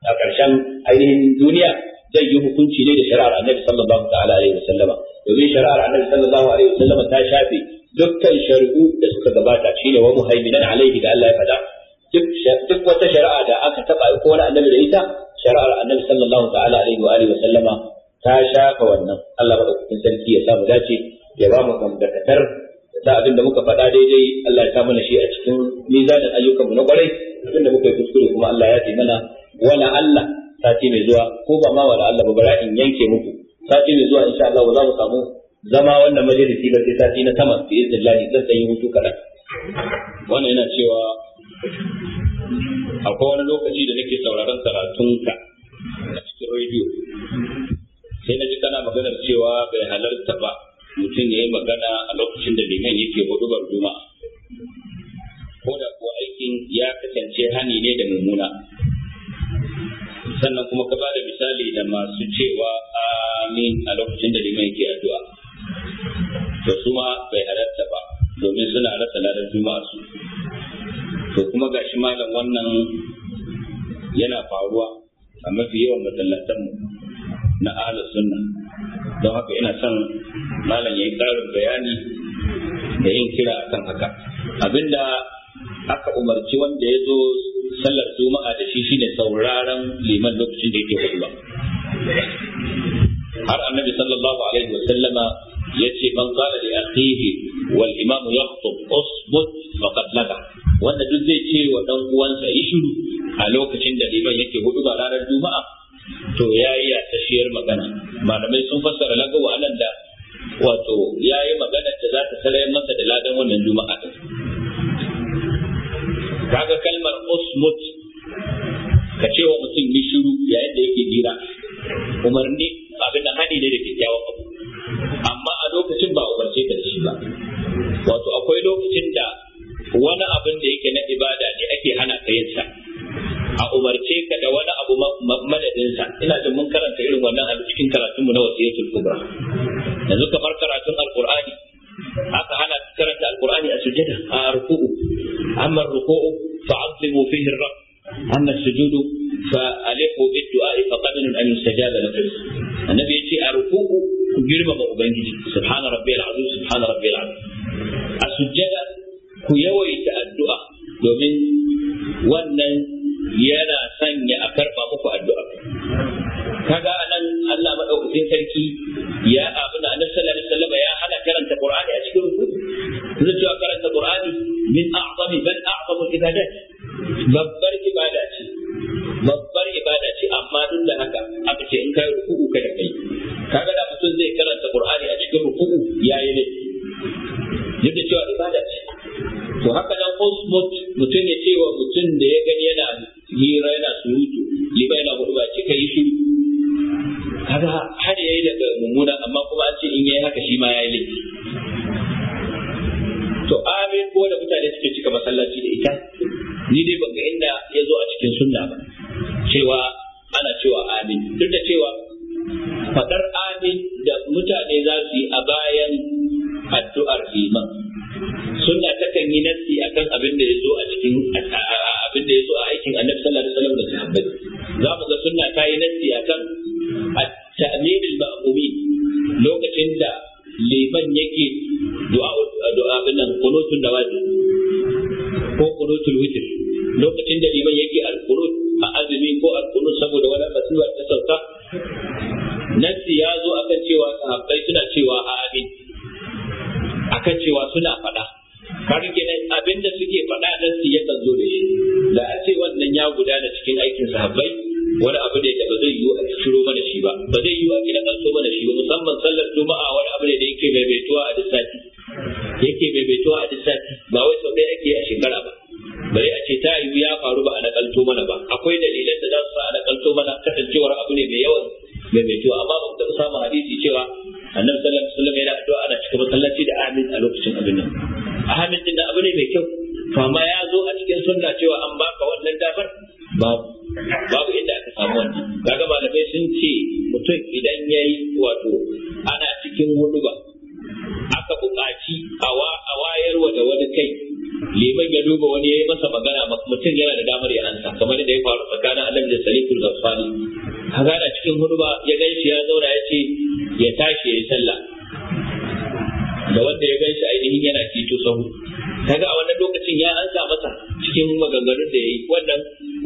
a ƙarshen ainihin duniya zai yi hukunci ne da shari'ar annabi sallallahu ta'ala alaihi wasallama domin shari'ar annabi sallallahu alaihi wasallama ta shafe dukkan shari'u da suka gabata shi ne wa muhaiminan alaihi da Allah ya faɗa duk wata shari'a da aka taɓa ko wani annabi da ita shari'ar annabi sallallahu ta'ala alaihi wa alihi wasallama ta shafa wannan Allah madaukakin sarki ya samu dace ya ba mu gamdakatar da abin da muka faɗa daidai Allah ya sa mana shi a cikin mizanin ayyukanmu na kwarai abin da muka yi kuskure kuma Allah ya mana wala Allah sati mai zuwa ko ba ma wala Allah ba bara in yanke muku sati mai zuwa insha Allah za mu samu zama wannan majalisi ba sai sati na sama bi iznillahi zan dan yi hutu kaɗan wannan yana cewa akwai wani lokaci da nake sauraron karatunka a cikin rediyo sai na ji kana maganar cewa bai halarta ba mutum ya yi magana a lokacin da liman yake hudubar juma'a ko da kuwa aikin ya kasance hani ne da mummuna sannan kuma ka ba da misali da masu cewa amin a lokacin da liman yake addu'a to su ma bai halatta ba domin suna rasa ladar juma'a su to kuma ga shi malam wannan yana faruwa a mafi yawan masallatan na ahalar sunna don haka ina son malam ya yi ƙarin bayani da yin kira a kan haka abinda aka umarci wanda ya zo sallar juma'a da shi shine sauraron liman lokacin da yake hudu har annabi sallallahu alaihi wa sallama yace man qala li akhihi wal imam yakhutub usbut faqad laga wanda duk zai ce wa dan uwansa yi shiru a lokacin da liman yake hudu ba ranar juma'a to ya yi tashiyar magana malamai sun fassara lagawa anan da wato ya yi magana da za ta masa da ladan wannan juma'a din kaga kalmar usmut ka ce wa mutum yi shiru yayin da yake jira umarni abin da hadi ne da kyakkyawan abu amma a lokacin ba umarce ka da shi ba wato akwai lokacin da wani abin da yake na ibada ne ake hana ka yin sa a umarce ka da wani abu madadinsa ina jin mun karanta irin wannan a cikin karatunmu na wasiyatul kubra yanzu kamar karatun alqur'ani aka hana karanta alqur'ani a sujada a ruku'u amma ruku'u fa'azlimu fihi ar-rabb amma sujudu fa fa'aliqu bid-du'a fa qadun an yustajaba lak annabi yace a ruku'u ku girmama ubangiji subhana rabbiyal azim subhana rabbiyal azim a sujada ku yawaita addu'a domin liman ya duba wani yayi masa magana mutum yana da damar ya ansa kamar da ya faru tsakanin annabi da salikul ghaffali Haga da cikin huduba ya gaishe ya zauna ya ce ya tashi yayi sallah da wanda ya gaishe ainihin yana cito sahu kaga a wannan lokacin ya ansa masa cikin maganganun da yayi wannan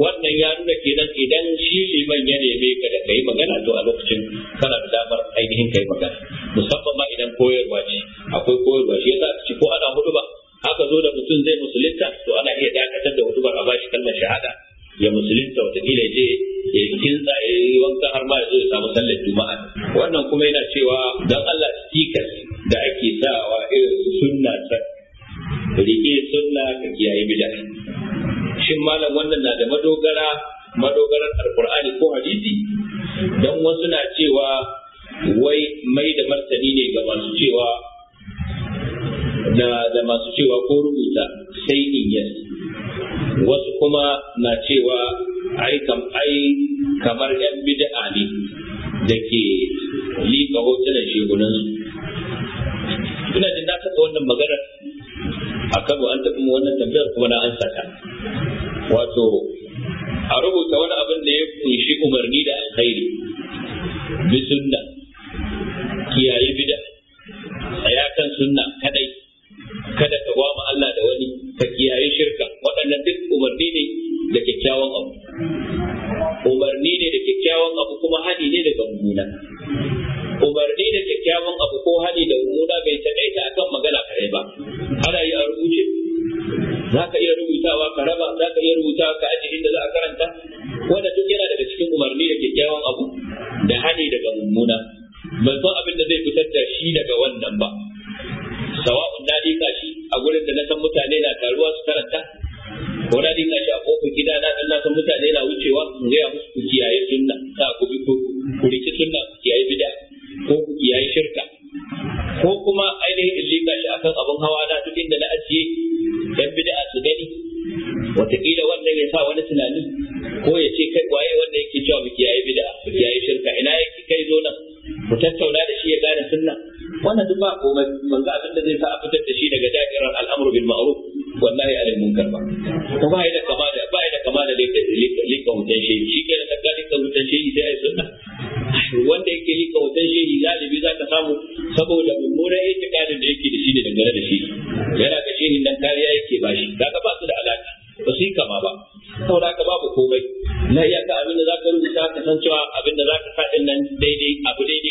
wannan ya nuna kenan idan shi liman ya neme ka da kai magana to a lokacin kana da damar ainihin kai magana musamman ma idan koyarwa ne akwai koyarwa shi yasa ci ko ana huduba zo da mutum zai musulunta to ana iya dakatar da hudubar a bashi kalmar shahada ya musulunta watakila je ya kinsa ya yi wanka har ma ya zo ya samu sallar juma'a wannan kuma yana cewa don Allah stikas da ake sawa irin su sunna ta rike sunna ka kiyaye bid'a shin malam wannan na da madogara madogarar alkur'ani ko hadisi don wasu na cewa wai mai da martani ne ga masu cewa na da masu cewa ko rubuta sai in yes wasu kuma na cewa ai ai kamar yan bid'a ne da ke liƙa hotunan shegunansu ina jin na taɓa wannan maganar a kano an taɓa wannan tambayar kuma na an saka wato a rubuta wani abin da ya kunshi umarni da alkhairi bi kiyaye bid'a tsaya kan sunna kadai kada ka gwama Allah da wani ka kiyaye shirka waɗannan duk umarni ne da kyakkyawan abu umarni ne da kyakkyawan abu kuma hadi ne daga mummuna umarni da kyakkyawan abu ko hadi da mummuna bai taƙaita akan magana kare ba ana yi a rubuce za ka iya rubutawa ka raba za ka iya rubutawa ka ajiye inda za a karanta wanda duk yana daga cikin umarni da kyakkyawan abu da hadi daga mummuna ban san abin da zai fitar da shi daga wannan ba ba manzo abin da zai sa a fitar da shi daga da'irar al'amru bil ma'ruf wallahi alal munkar ba to ba da kama da ba da kama da lika wutan shi shi ke da kaga lika wutan shi sai ai sunna wanda yake lika wutan shi galibi za ka samu saboda mummunan itikadin da yake da shi ne dangane da shi yana ga shehin nan kariya yake bashi kaga ba su da alaka ba su yi kama ba saboda haka babu komai na iyaka abin da za ka rubuta ka san cewa abin da za ka sa nan daidai abu daidai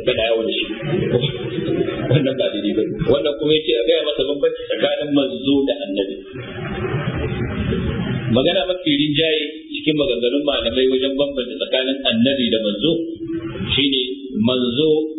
su kada yawo shi wannan ba daidai ba wannan kuma a gaya masa bambanci tsakanin manzo da annabi magana mafi rinjaye cikin maganganun malamai wajen bambanta tsakanin annabi da manzo shine manzo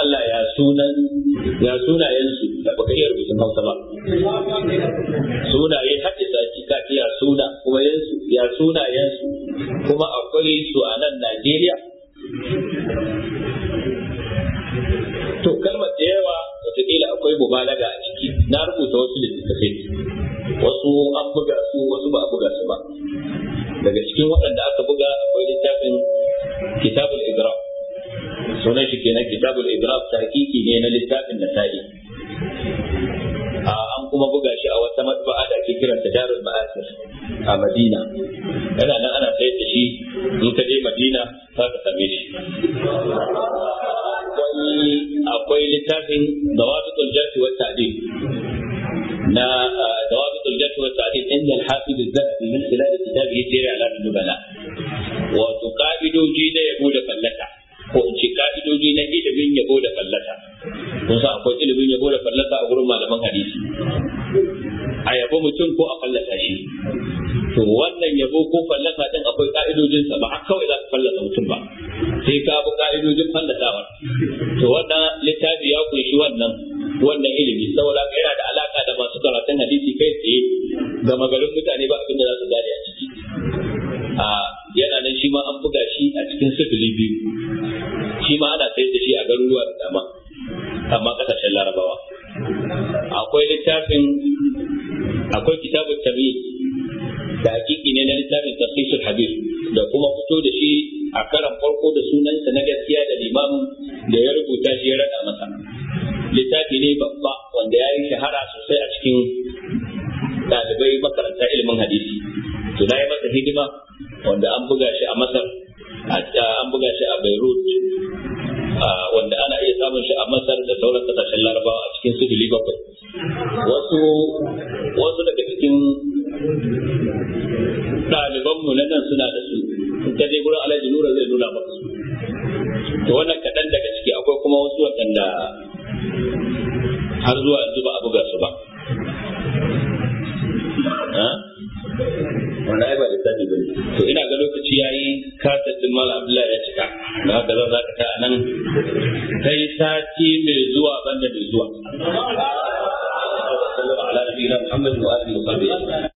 Allah ya sunan ya sunayensu da baka iya rubutun Hausa ba sunaye hadda zaki ka iya suna kuma yansu ya sunayensu kuma akwai su a nan Najeriya to kalmar da yawa wataƙila akwai mubalaga a ciki na rubuta wasu littattafai wasu an buga su wasu ba a buga su ba daga cikin waɗanda aka buga akwai littafin kitabul igram sunan shi kenan kitabul ibraf tahqiqi ne na littafin nasa'i an kuma buga shi a wata matba'a da ake kiranta darul ma'asir a madina yana nan ana sayar da shi in ka je madina za ka same shi akwai littafin dawabitul jafi wa ta'dil na dawabitul jafi wa ta'dil inda al-hafiz az-zahabi min khilal kitabihi sirr ala nubala wato ka'idoji da yabo da fallaka ilimi na ilimin yabo da fallata, kun san akwai ilimin yabo da fallata a gurin malaman hadisi a yabo mutum ko a fallata shi to wannan yabo ko fallata din akwai ka'idojin sa ba a kawai za ka fallata mutum ba sai ka bi ka'idojin fallatawa to wannan littafi ya kunshi wannan wannan ilimi saboda yana da alaka da masu karatun hadisi kai tsaye ga magarin mutane ba abin da za su gane a ciki a yana nan shi ma an buga shi a cikin sifili biyu shi ma ana sayar da shi a garuruwa da dama amma kasashen larabawa akwai littafin akwai kitabun tabi da hakiki ne na littafin tafsir habib da kuma fito da shi a karan farko da sunansa na gaskiya da limam da ya rubuta shi ya rada masa littafi ne babba wanda ya yi shahara sosai a cikin ɗalibai makaranta ilimin hadisi to na yi masa hidima wanda an buga masar da sauran kasashen larabawa a cikin su sifili bakwai wasu wasu daga cikin ɗalibanmu na nan suna da su in ka je gurin alhaji nura zai nuna maka su to wannan kaɗan daga ciki akwai kuma wasu waɗanda har zuwa yanzu ba a buga su ba wanda ai ba lissafi ba to ina ga lokaci ya yi kasar din mala abdullahi ya cika da haka zan zaka ta nan sati mai zuwa banda mai zuwa.